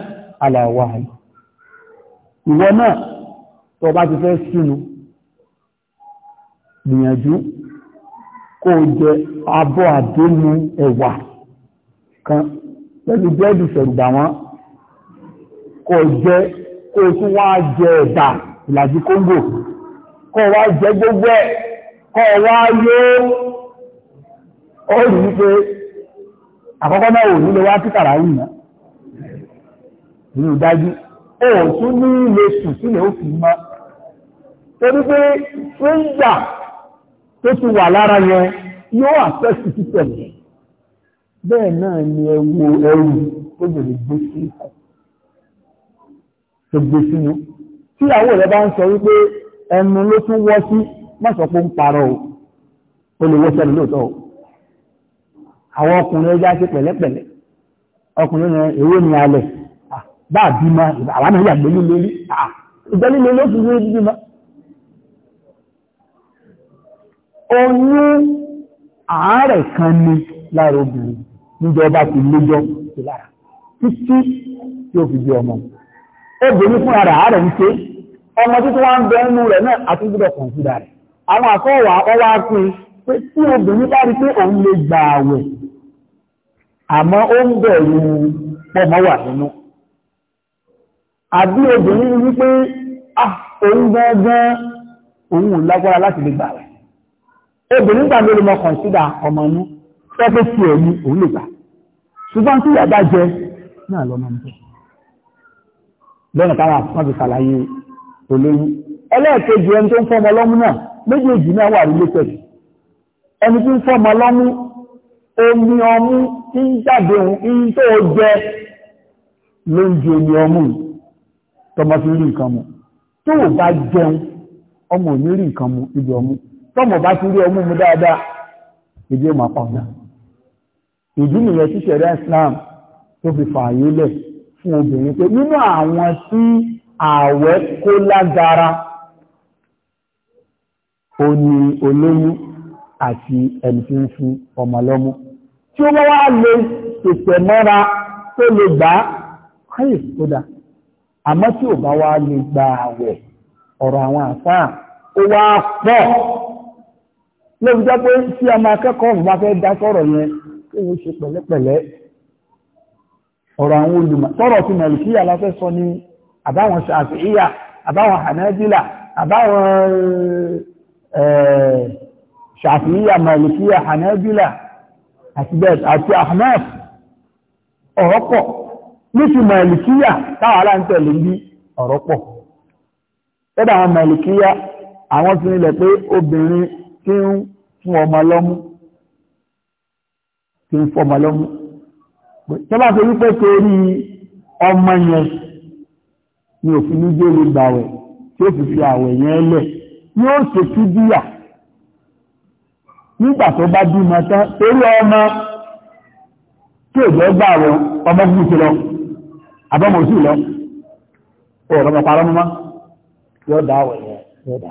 ala ìwọ náà tó ti fẹ́ sínú gbìyànjú kó jẹ abọ́ àdénú ẹ̀wà kan pẹ̀lú bẹ́ẹ̀dì fẹ̀rùgbà wọn kó jẹ kó tún wá jẹ ẹ̀dà ìlàjì kóńgò kó wá jẹ gbogbo ẹ̀ kó wá yó ó rí wípé àkọ́kọ́ náà ò nílé wá títàrà yìí náà ìlú dájú ó tún ní ilé sùn sílẹ̀ ó fi mọ́ torí pé ń gbà tó ti wà lára yẹn yóò àfẹ́sì títẹ̀lé bẹ́ẹ̀ náà ni ẹwu ẹrù tó bèrè gbé sí ikọ̀ tó gbé sínú tí àwọn rẹ̀ bá ń sọ wípé ẹnu ló tún wọ́ sí má ń parọ́ o ó lè wọ́ sẹ́nu lóòótọ́ o àwọn ọkùnrin ẹja ṣe pẹ̀lẹ́pẹ̀lẹ́ ọkùnrin yẹn èwo ni alẹ̀ ah, bá a bímọ àbámọ̀ ìyàgbé líle rí ìgbẹ́ líle ló fi wé bímọ oyún àárẹ̀ kan ní lára obìnrin níjọba ti léjọ́ sí lára títí tí ó fi bí ọmọ obìnrin fún ara àárẹ̀ ń ṣe ọmọ títí wá ń bẹ inú rẹ̀ náà àti gbọ́dọ̀ kọ̀ǹsídà rẹ̀ àwọn àkọ́wà ọwá pín pé tí obìnrin bá rí pé òun lè gbà àwẹ̀ àmọ́ ó ń bẹ̀rù pọ̀mọ́ wà nínú àbí obìnrin wípé ah òun gangan òun ò lágbára láti lè gbà àwẹ̀ obìnrin gbà lórí mọ kọ̀ǹsídà ọmọ inú pẹ́pẹ́ sí ẹ̀yìn òun lè gbà ṣùgbọ́n tí yàgbá jẹ náà lọ́mọ níbẹ̀ lọ́nà táwọn àfihàn ti ṣàlàyé olóyún ẹlẹ́ẹ̀kejì ẹni tó ń fọmọ lọ́mú náà méjèèjì náà wà nílé pẹ̀lú ẹni tí ń fọmọ lọ́mú omi ọmú tí ń jáde ohun tó jẹ ló ń di omi ọmú tọmọ fi rí nǹkan mu tó bá jẹun ọmọ ò ní rí nǹkan mu ibi ọmú tọ́mọ̀ bá ti rí ọmú mu dáadáa ìdí ó máa pàdà ìdí nìyẹn tí ṣẹ̀rẹ́ Islam tó fi fààyè lẹ̀ fún obìnrin pé nínú àwọn tí ààwẹ̀ kó lágara ó ní olóyún àti ẹni tí ń fi ọmọ lọ́mú tí ó bá wá lè pèsè mọ́ra tó lè gbà á káyè kódà àmọ́ tí ò bá wá lè gba ààwẹ̀ ọ̀rọ̀ àwọn àfáà ó wá pọ̀ lóbi jẹ́ pé tí a máa kẹ́kọ̀ọ́ fẹ́ dá sọ̀rọ̀ yẹn kí wọ́n ṣe pẹ̀lẹ́pẹ̀lẹ́ ọ̀rọ̀ àwọn olùmọ̀ sọ̀rọ̀ tí mẹ̀lìkí fẹ́ sọ ní àbáwọn ṣàfihíyà àbáwọn hanẹ́dílà àbáwọn ṣàfihíyà mẹ̀lìkí hanẹ́dílà àti ahmed ọ̀rọ̀pọ̀ táwọn aláǹtẹ̀lẹ̀ ń bí ọ̀rọ̀pọ̀ àwọn àwọn tí ń fún ọmọ lọ́mú tí ń fún ọmọ lọ́mú tó bá fi wípé torí ọmọ yẹn ni òfin ní jẹ́ lè gbàwẹ̀ tí ó fi fi àwẹ̀ yẹn lẹ̀ yóò ṣe kí díyà nígbà tó bá bímọ tán torí ọmọ tí ò jẹ́ gbàwẹ̀ ọmọ gúúsù lọ àbọ́mọ̀ sí lọ ọ̀rọ̀ mọ̀ parọ́ yóò dá yẹn yóò dá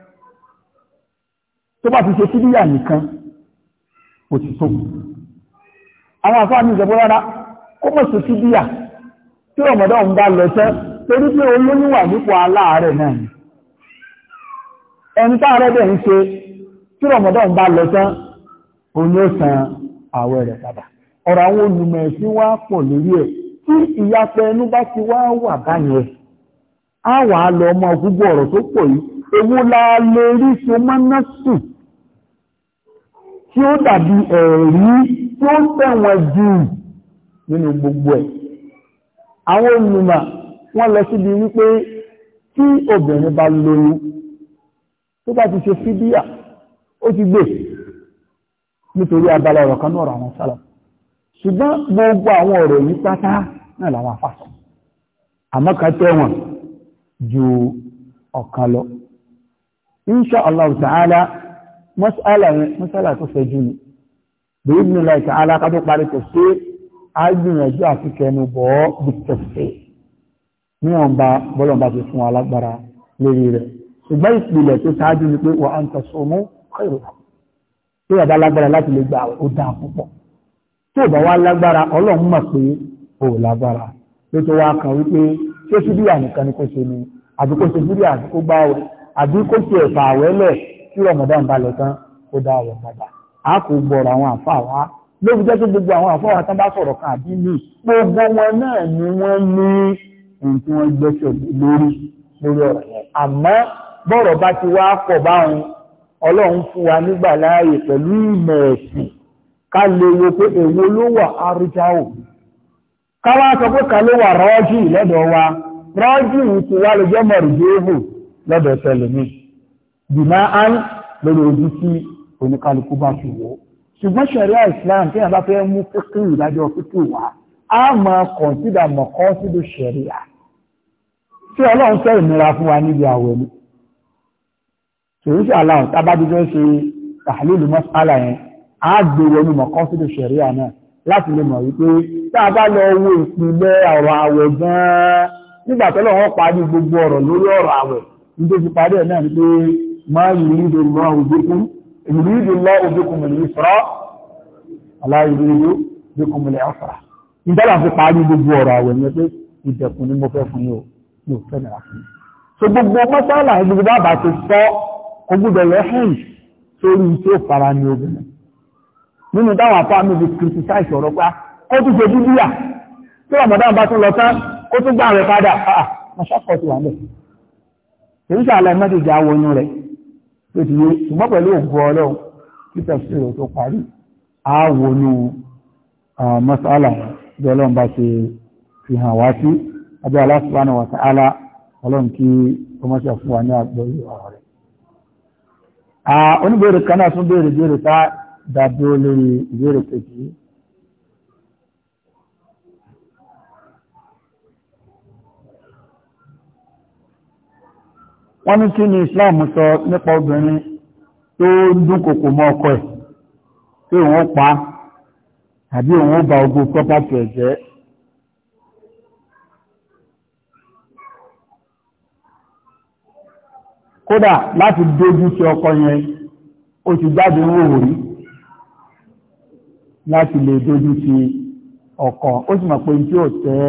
tó bá ti ṣe síbíyà nìkan kò ti tó àwọn àfáà ní ìjọba rárá kó mọ̀ sí tí ọmọdé ọ̀hún bá lọ torí pé nípò aláàárẹ̀ náà ni ẹni bẹ̀ ń ṣe tí ọmọdé ọ̀hún bá lọ ó san bá ti ọmọ gbogbo ọ̀rọ̀ tó pọ̀ ewu la lè so tí ó dàbí ẹ̀rí tí ó tẹ̀wọ̀n jù nínú gbogbo ẹ̀. Àwọn olùmọ̀ wọ́n lọ síbi wípé tí obìnrin bá lóyún tó bá ti ṣe fídíà ó ti gbé nítorí abala ọ̀rọ̀ kan náà àwọn sálà. Ṣùgbọ́n gbogbo àwọn ọ̀rọ̀ yìí pátá náà làwọn afásọ. Àmọ́ kan tẹ̀wọ̀n ju ọ̀kan lọ. Insha Allah Ta'ala mọ́sálà yẹn mọ́sálà tó fẹ́ jù ní bèyí ní láìka alákàtó parí kò sí agbìyànjú àti kẹnu bọ̀ ọ́ bí tẹ̀sẹ̀ níwọ̀n bá bọ́lọ̀ bá ti fún wa lágbára lórí rẹ̀ ṣùgbọ́n ìpìlẹ̀ tó ṣáájú ni pé wà á ń tẹ̀sọ̀ mú kẹrù tó yàrá lágbára láti lè gba ó ẹ̀fà àwẹ́lẹ̀ tí Ramadan bá lọ tán ó dá ọ̀rọ̀ padà a kò gbọ́rọ̀ àwọn àfa wa lóbi jẹ́ pé gbogbo àwọn àfa tán bá sọ̀rọ̀ kan àbí mi gbogbo wọn náà ni wọ́n ní ohun tí wọ́n gbẹ́sẹ̀ lórí lórí ọ̀rọ̀ yẹn àmọ́ bọ́rọ̀ bá ti wá pọ̀ báwọn Ọlọ́run fún wa nígbà láàyè pẹ̀lú ìmọ̀ ẹ̀sìn ká lè wo pé èwo ló wà arújá ò ká wá sọ pé ká ló wà rọ́ọ̀jì lọ́dọ̀ wa rọ́ọ̀jì ti wá lójọ́ mọ̀rùndínlẹ́hù lọ́dọ̀ tẹlẹ̀mí bìmá án lórí ojú tí oníkálukú bá fi wò ṣùgbọ́n ṣẹ̀ríà Islam tí yàrá fẹ́ mú fíkì ìdájọ́ fíkì wá á máa kọ̀ǹsídà mọ̀kọ́ síbi ṣẹ̀ríà tí ọlọ́run fẹ́ ìnira fún wa níbi àwẹ̀ ni ṣèyí ṣe aláwọ̀ tábàdúgbẹ́ ṣe tàhálìlì mọ́sálà yẹn á gbé e wọnú mọ̀kọ́ síbi ṣẹ̀ríà náà láti lè mọ̀ wípé tá a bá lọ wo ìpínlẹ̀ ọ̀rọ̀ àwẹ̀ gan-an nígbà tọ́lọ́run parí gbogbo ọ̀rọ̀ lórí ọ̀rọ̀ àwẹ̀ nítorí parí ẹ̀ náà ni pé ما يريد الله بكم يريد الله بكم اليسرى ولا يريد بكم العسرى ان ده في parí gbogbo ọ̀rọ̀ àwọn yẹn pé ìdẹ̀kùn ni mo fẹ́ fún yín o mi ò fẹ́ nira fún yín so gbogbo masala gbogbo bàbá ti sọ ogúdọ̀ lẹ́hìn sórí tí ó fara ní obìnrin nínú táwọn apá mi fi criticize ọ̀rọ̀ pa ah, ó tún ṣe bíbíà tí ramadan bá tún lọ tán ó tún gbà rẹ padà ah, ah mọ̀ṣákọ̀ ti wà lẹ̀ èyí sàlẹ̀ mẹ́tẹ̀ẹ̀jì àwọn oyún rẹ̀ ló ti yé ṣùgbọ́n pẹ̀lú òkú ọlọ́run títà sí ìrò tó parí àwọnú masala bí ọlọ́run bá ṣe fi hàn wá sí abẹ́ wa ta'ala ọlọ́run kí ọmọṣẹ́ fún wa ní àgbọ̀yé ọ̀rọ̀ wọ́n ní kí ni Islam sọ nípa obìnrin tó dúnkòkò mọ́ ọkọ ẹ̀ tí òun pa àbí òun bá ogun property ẹ̀ jẹ́ kódà láti dójú ti ọkọ yẹn ó ti jáde ń wòwò rí láti lè dójú ti ọkọ ó sì mọ̀ pé tí ó tẹ́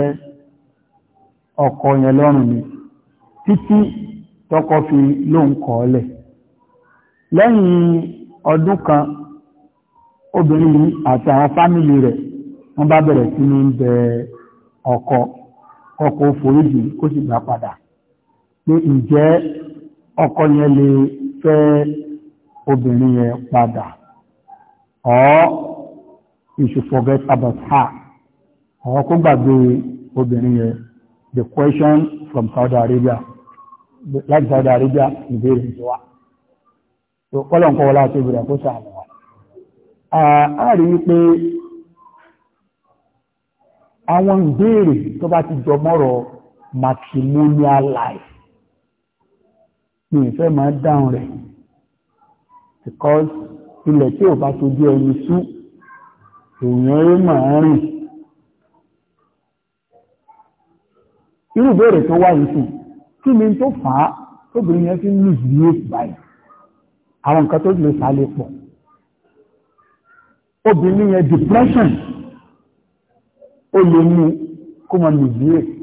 ọkọ yẹn lọ́rùn ni títí tọ́kọ́ fi lóun kọ́ọ́lẹ̀ lẹ́yìn ọdún kan obìnrin yìí àti àwọn fámìlì rẹ̀ wọ́n bá bẹ̀rẹ̀ sí ní bẹ ọkọ ọkọ foríjì kó sì gbà padà pé ǹjẹ́ ọkọ yẹn lè fẹ́ obìnrin yẹn padà ọ́ forget about ha kó gbàgbé obìnrin yẹn the question from Saudi Arabia láti Saudi Arabia ìbéèrè ti wá tó kọ́lọ̀nkọ́ wọlá tó bẹ̀rẹ̀ kó sàánù wa a rí wípé àwọn ìbéèrè tó bá ti jọ mọ́rọ̀ matrimonial life ní ìfẹ́ máa dáhùn rẹ̀ because ilẹ̀ tí ò bá tojú ẹni sú èèyàn ó máa rìn irú ìbéèrè tó wà yìí sùn kí ni tó fà á tóbìnrin yẹn fi ń lù sí èsì báyìí àwọn nǹkan tó lè fà á lè pọ̀ obìnrin yẹn depression ó lè mú kó mọ lù sí èsì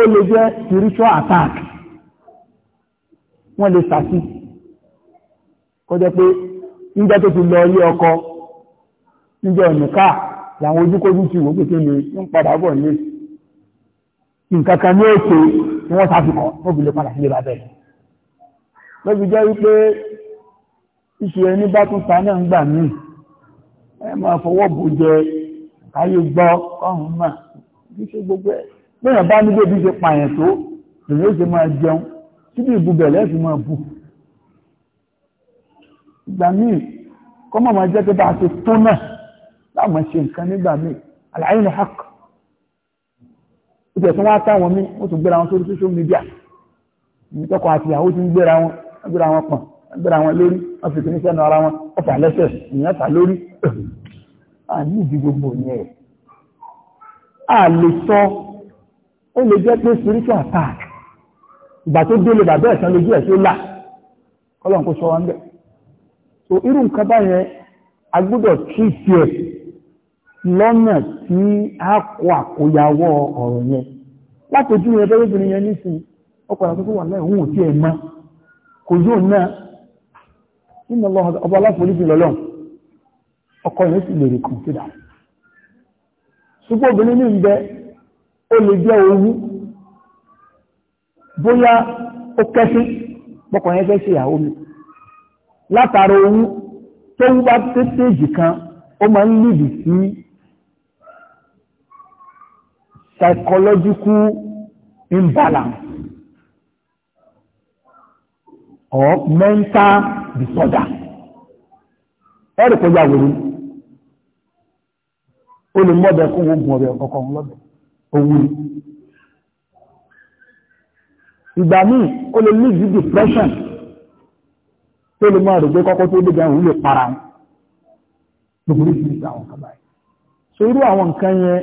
ó lè jẹ́ spiritual attack wọ́n lè sàtì kọjá pé níjẹ́ tó ti lọ ilé ọkọ níjẹ́ ọ̀nìká làwọn ojúkójú ti wò pé kí ni ń padà bọ̀ ní èsì nǹkan kan ní ètò ni wọ́n sáfikọ̀ wọ́n fi lè padà sílé bàbẹ́ rẹ̀ lọ́bi jẹ́ wípé ṣíṣe ẹni bá tún ta náà ń gbà míì ẹ máa fọwọ́ bò jẹ káyé gbọ́ ọ̀hún mà kí ṣe gbogbo ẹ̀ lẹ́yìn bá níbi ibi ṣe pààyàn tó lèyìn ó ṣe máa jẹun síbi ìbúbẹ̀ lẹ́sìn máa bù ìgbà míì kọ́mọ̀ máa jẹ́ pé bá a ṣe tó náà láwọn ṣe nǹkan nígbà míì àlàyé ni hàkọ́ ìjẹ̀ tún wá táwọn mí ó tún gbéra wọn sórí social media ìtọ́kọ̀ àti ìyàwó tún gbéra wọn gbéra wọn pọ̀n gbéra wọn lórí wọ́n fi kìíní sẹ́nu ara wọn ọ̀fà lẹ́sẹ̀ ìyẹn fà lórí àní ìdí gbogbo yẹn ẹ̀ a lè sọ ó lè jẹ́ pé spiritual attack ìgbà tó délé bàbá ẹ̀sán lójú ẹ̀ tó là kọ́lọ̀ kó sọ wọn bẹ́ẹ̀ so irú nǹkan báyẹn a gbọ́dọ̀ treat yẹn lọ́nà tí a kọ àkóyawọ́ ọ̀rọ̀ yẹn látòjú rẹ̀ bẹ́rẹ̀bìnrin yẹn nísìn ọkọ̀ àkókò wà láì ohun ma kò yóò náà nínú ọba aláforíjì lọ́lọ́ ọkọ̀ yẹn sì lè rí kọ̀ǹtìdà ṣùgbọ́n obìnrin ní ó lè jẹ́ bóyá ó kẹ́sí ọkọ̀ yẹn fẹ́ ṣe ìyàwó mi látara tó ń bá kan ó máa psychological imbalance or mental disorder ẹ̀rì kọjá wèrè ó lè mọ́bẹ̀ kó wọ́n gùn ọ̀bẹ̀ ọ̀kọ̀ọ̀kan lọ́bẹ̀ owó ìgbà míì ó lè lead to depression tó lè máa rò pé kọ́kọ́ tó dégbà òun lè para wọn gbogbo oríṣiríṣi àwọn kàbáyé so irú àwọn nǹkan yẹn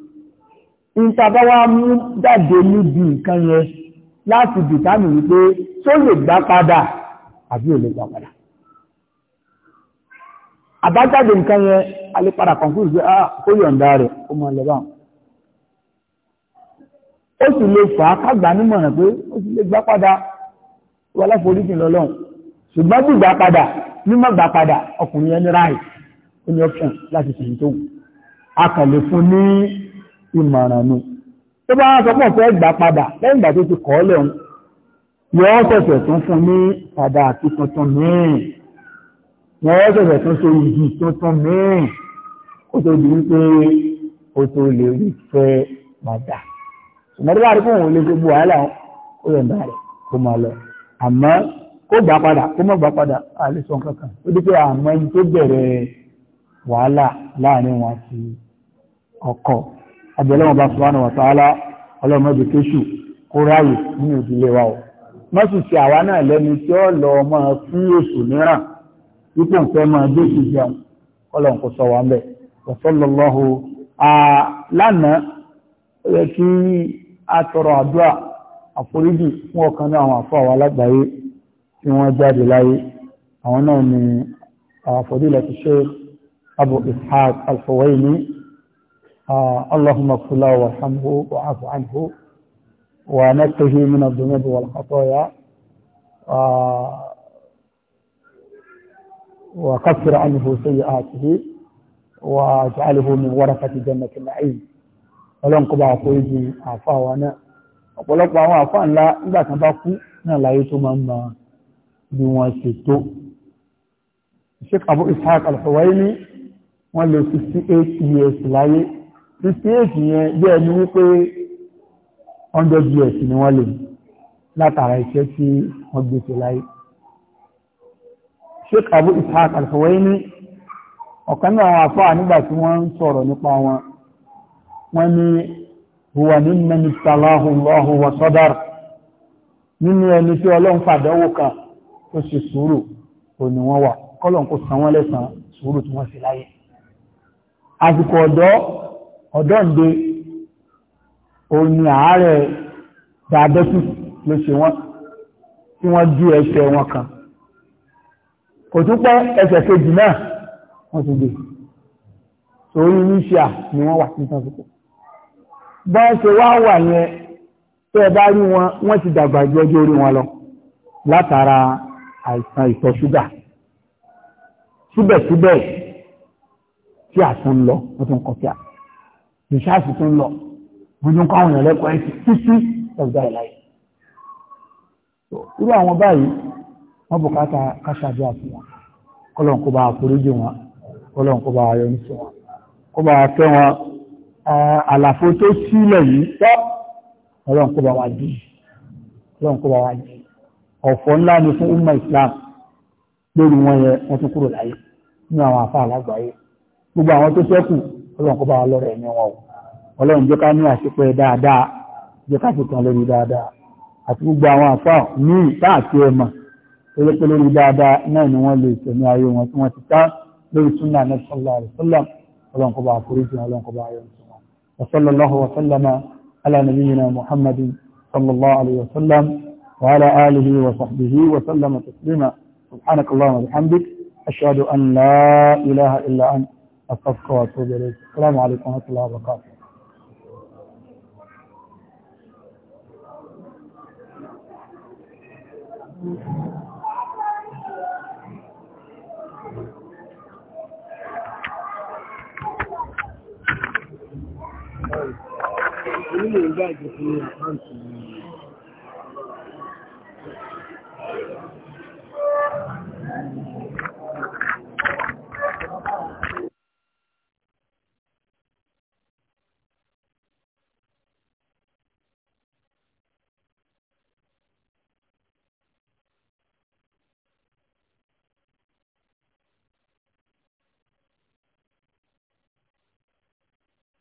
ìtàbá wa mú jáde níbi nǹkan yẹn láti dìtàmì wípé tó lè gbá padà àbí ò lè gbá padà àbájáde nǹkan yẹn alépadà kọ̀ǹkúrù sí à kó yọ̀ǹda rẹ̀ ó mọ ẹlẹ́bà ó sì lè fà á kágbà nímọ̀ràn pé ó sì lè gbá padà wọ́n aláforíjì lọ́lọ́run ṣùgbọ́n bí gbà padà mímọ́ gbà padà ọkùnrin ẹni ráì ó ní ọ́pṣọ̀n láti a kàn lè fún ní ìmọ̀ràn nù tó bá sọ pọ̀ fẹ́ gbà padà lẹ́yìn ìgbà tó ti kọ́ lẹ́hun yọ́ ṣẹ̀ṣẹ̀ tún fún ní padà àti tuntun míì wọ́n ṣẹ̀ṣẹ̀ tún ṣe ìdí tuntun míì kó tó di wípé ó tó lè rí fẹ́ padà ṣùgbọ́n tó bá rí fún òun gbogbo wàhálà ó yẹ̀ ń rẹ̀ kó máa lọ àmọ́ kó gbà padà kó má gbà padà àlè sọ ó dé àmọ́ ẹni tó bẹ̀rẹ̀ wàhálà láàrin wọn àti ọkọ àbẹ̀lẹ́wọ̀n bá subhanahu wa ta'ala ọlọ́mọdé kéṣù kó ráyè nínú ìdílé wa o má sì ṣe àwa náà lẹ́ni tí ó lọ ọmọ fún èṣù mìíràn wípé nǹkan máa dé sí jẹun ọlọ́run kò sọ wá ń bẹ̀ wọ́sọ́lọ́lọ́hu lánàá ó yẹ kí a tọrọ àdúrà àforíjì fún ọ̀kan náà àwọn àfọ àwọn alágbàáyé tí wọ́n jáde láyé àwọn náà ni àfọ̀dílẹ̀ ti ṣe Abu اللهم اغفر له وارحمه واعف عنه ونقه من الذنوب والخطايا وكفر عنه سيئاته واجعله من ورثة جنة النعيم ọlọ́run kó bá wà fún ìdí àfá wa náà ọ̀pọ̀lọpọ̀ àwọn àfá ńlá nígbà kan bá kú náà láyé tó máa ń mọ bí wọ́n ṣe tó Sheikh Abu Ishaq al-Huwaini wọ́n lò 68 years láyé 58 yẹn bí ẹni wípé 100 years ni wọ́n lè látara iṣẹ́ tí wọ́n gbé ṣe láyé Sheikh Abu Ishaq Al-Huwaini ọ̀kan náà àwọn afọ́ nígbà tí wọ́n ń sọ̀rọ̀ nípa wọn wọ́n ní huwa mimman ibtalahu Allahu wa sadar nínú ẹni tí ọlọ́run fàdánwò kan tó ṣe sùúrù kò ní wọ́n wà kọ́lọ̀ kò san wọ́n lẹ́san sùúrù tí wọ́n ṣe láyé àsìkò ọ̀dọ́ O òní àárẹ̀ diabetes ló ṣe wọ́n tí wọ́n dí ẹsẹ̀ wọn kan kò tún pẹ́ ẹsẹ̀ kejì náà wọ́n ti gbé sórí níṣà ni wọ́n wà ní sàkókò bọ́n ṣe wá wà yẹn tẹ́ bá rí wọn wọ́n ti dàgbà ju ọjọ́ orí wọn lọ látara àìsàn ìtọ̀ ṣúgà síbẹ̀síbẹ̀ tí àtún lọ wọ́n tún kọ̀ tí àtún rìsáàsì tó ń lọ gbogbo nǹkan àwọn èèyàn lẹ́kọ̀ọ́ ẹ̀sìn títí ọ̀gá ìláyé irú àwọn báyìí wọ́n bùkátà káṣáájú àti wọn kọ́lọ̀ kó bá àforíjì wọn kọ́lọ̀ kó bá ayọ̀ níṣẹ́ wọn kó bá fẹ́ wọn àlàfo tó sílẹ̀ yìí tọ́ kọ́lọ̀ kó bá wá dì kọ́lọ̀ kó bá wá dì ọ̀fọ̀ ńlá ni fún umma islam lórí wọn yẹ wọ́n tún kúrò láyé nínú àwọn àfa àlágbáyé gbogbo àwọn tó ṣẹ́kù ọlọ́run kó bá wa lọ́rọ̀ ẹ̀mí wọn o ọlọ́run jẹ́ ká ní àṣepẹ́ dáadáa jẹ́ ká fi kan lórí dáadáa àti gbogbo àwọn àfa míì táàkì ẹ̀mà pélépé lórí dáadáa náà ni wọ́n lè tẹ̀mí ayé wọn tí wọ́n ti tá lórí súnà Ànábì sallallahu alaihi wasallam ọlọ́run kó bá àforíjì ọlọ́run kó bá ayọ̀ wọn. wa sallallahu wa sallama ala nabiyyina muhammadin sallallahu alaihi wasallam wa ala alihi wa wa sallama taslima subhanakallahumma wa أستغفرك وأتوب إليك السلام عليكم ورحمة الله وبركاته Thank you. nílò ìgbà ìjọsìn ní àkáǹtì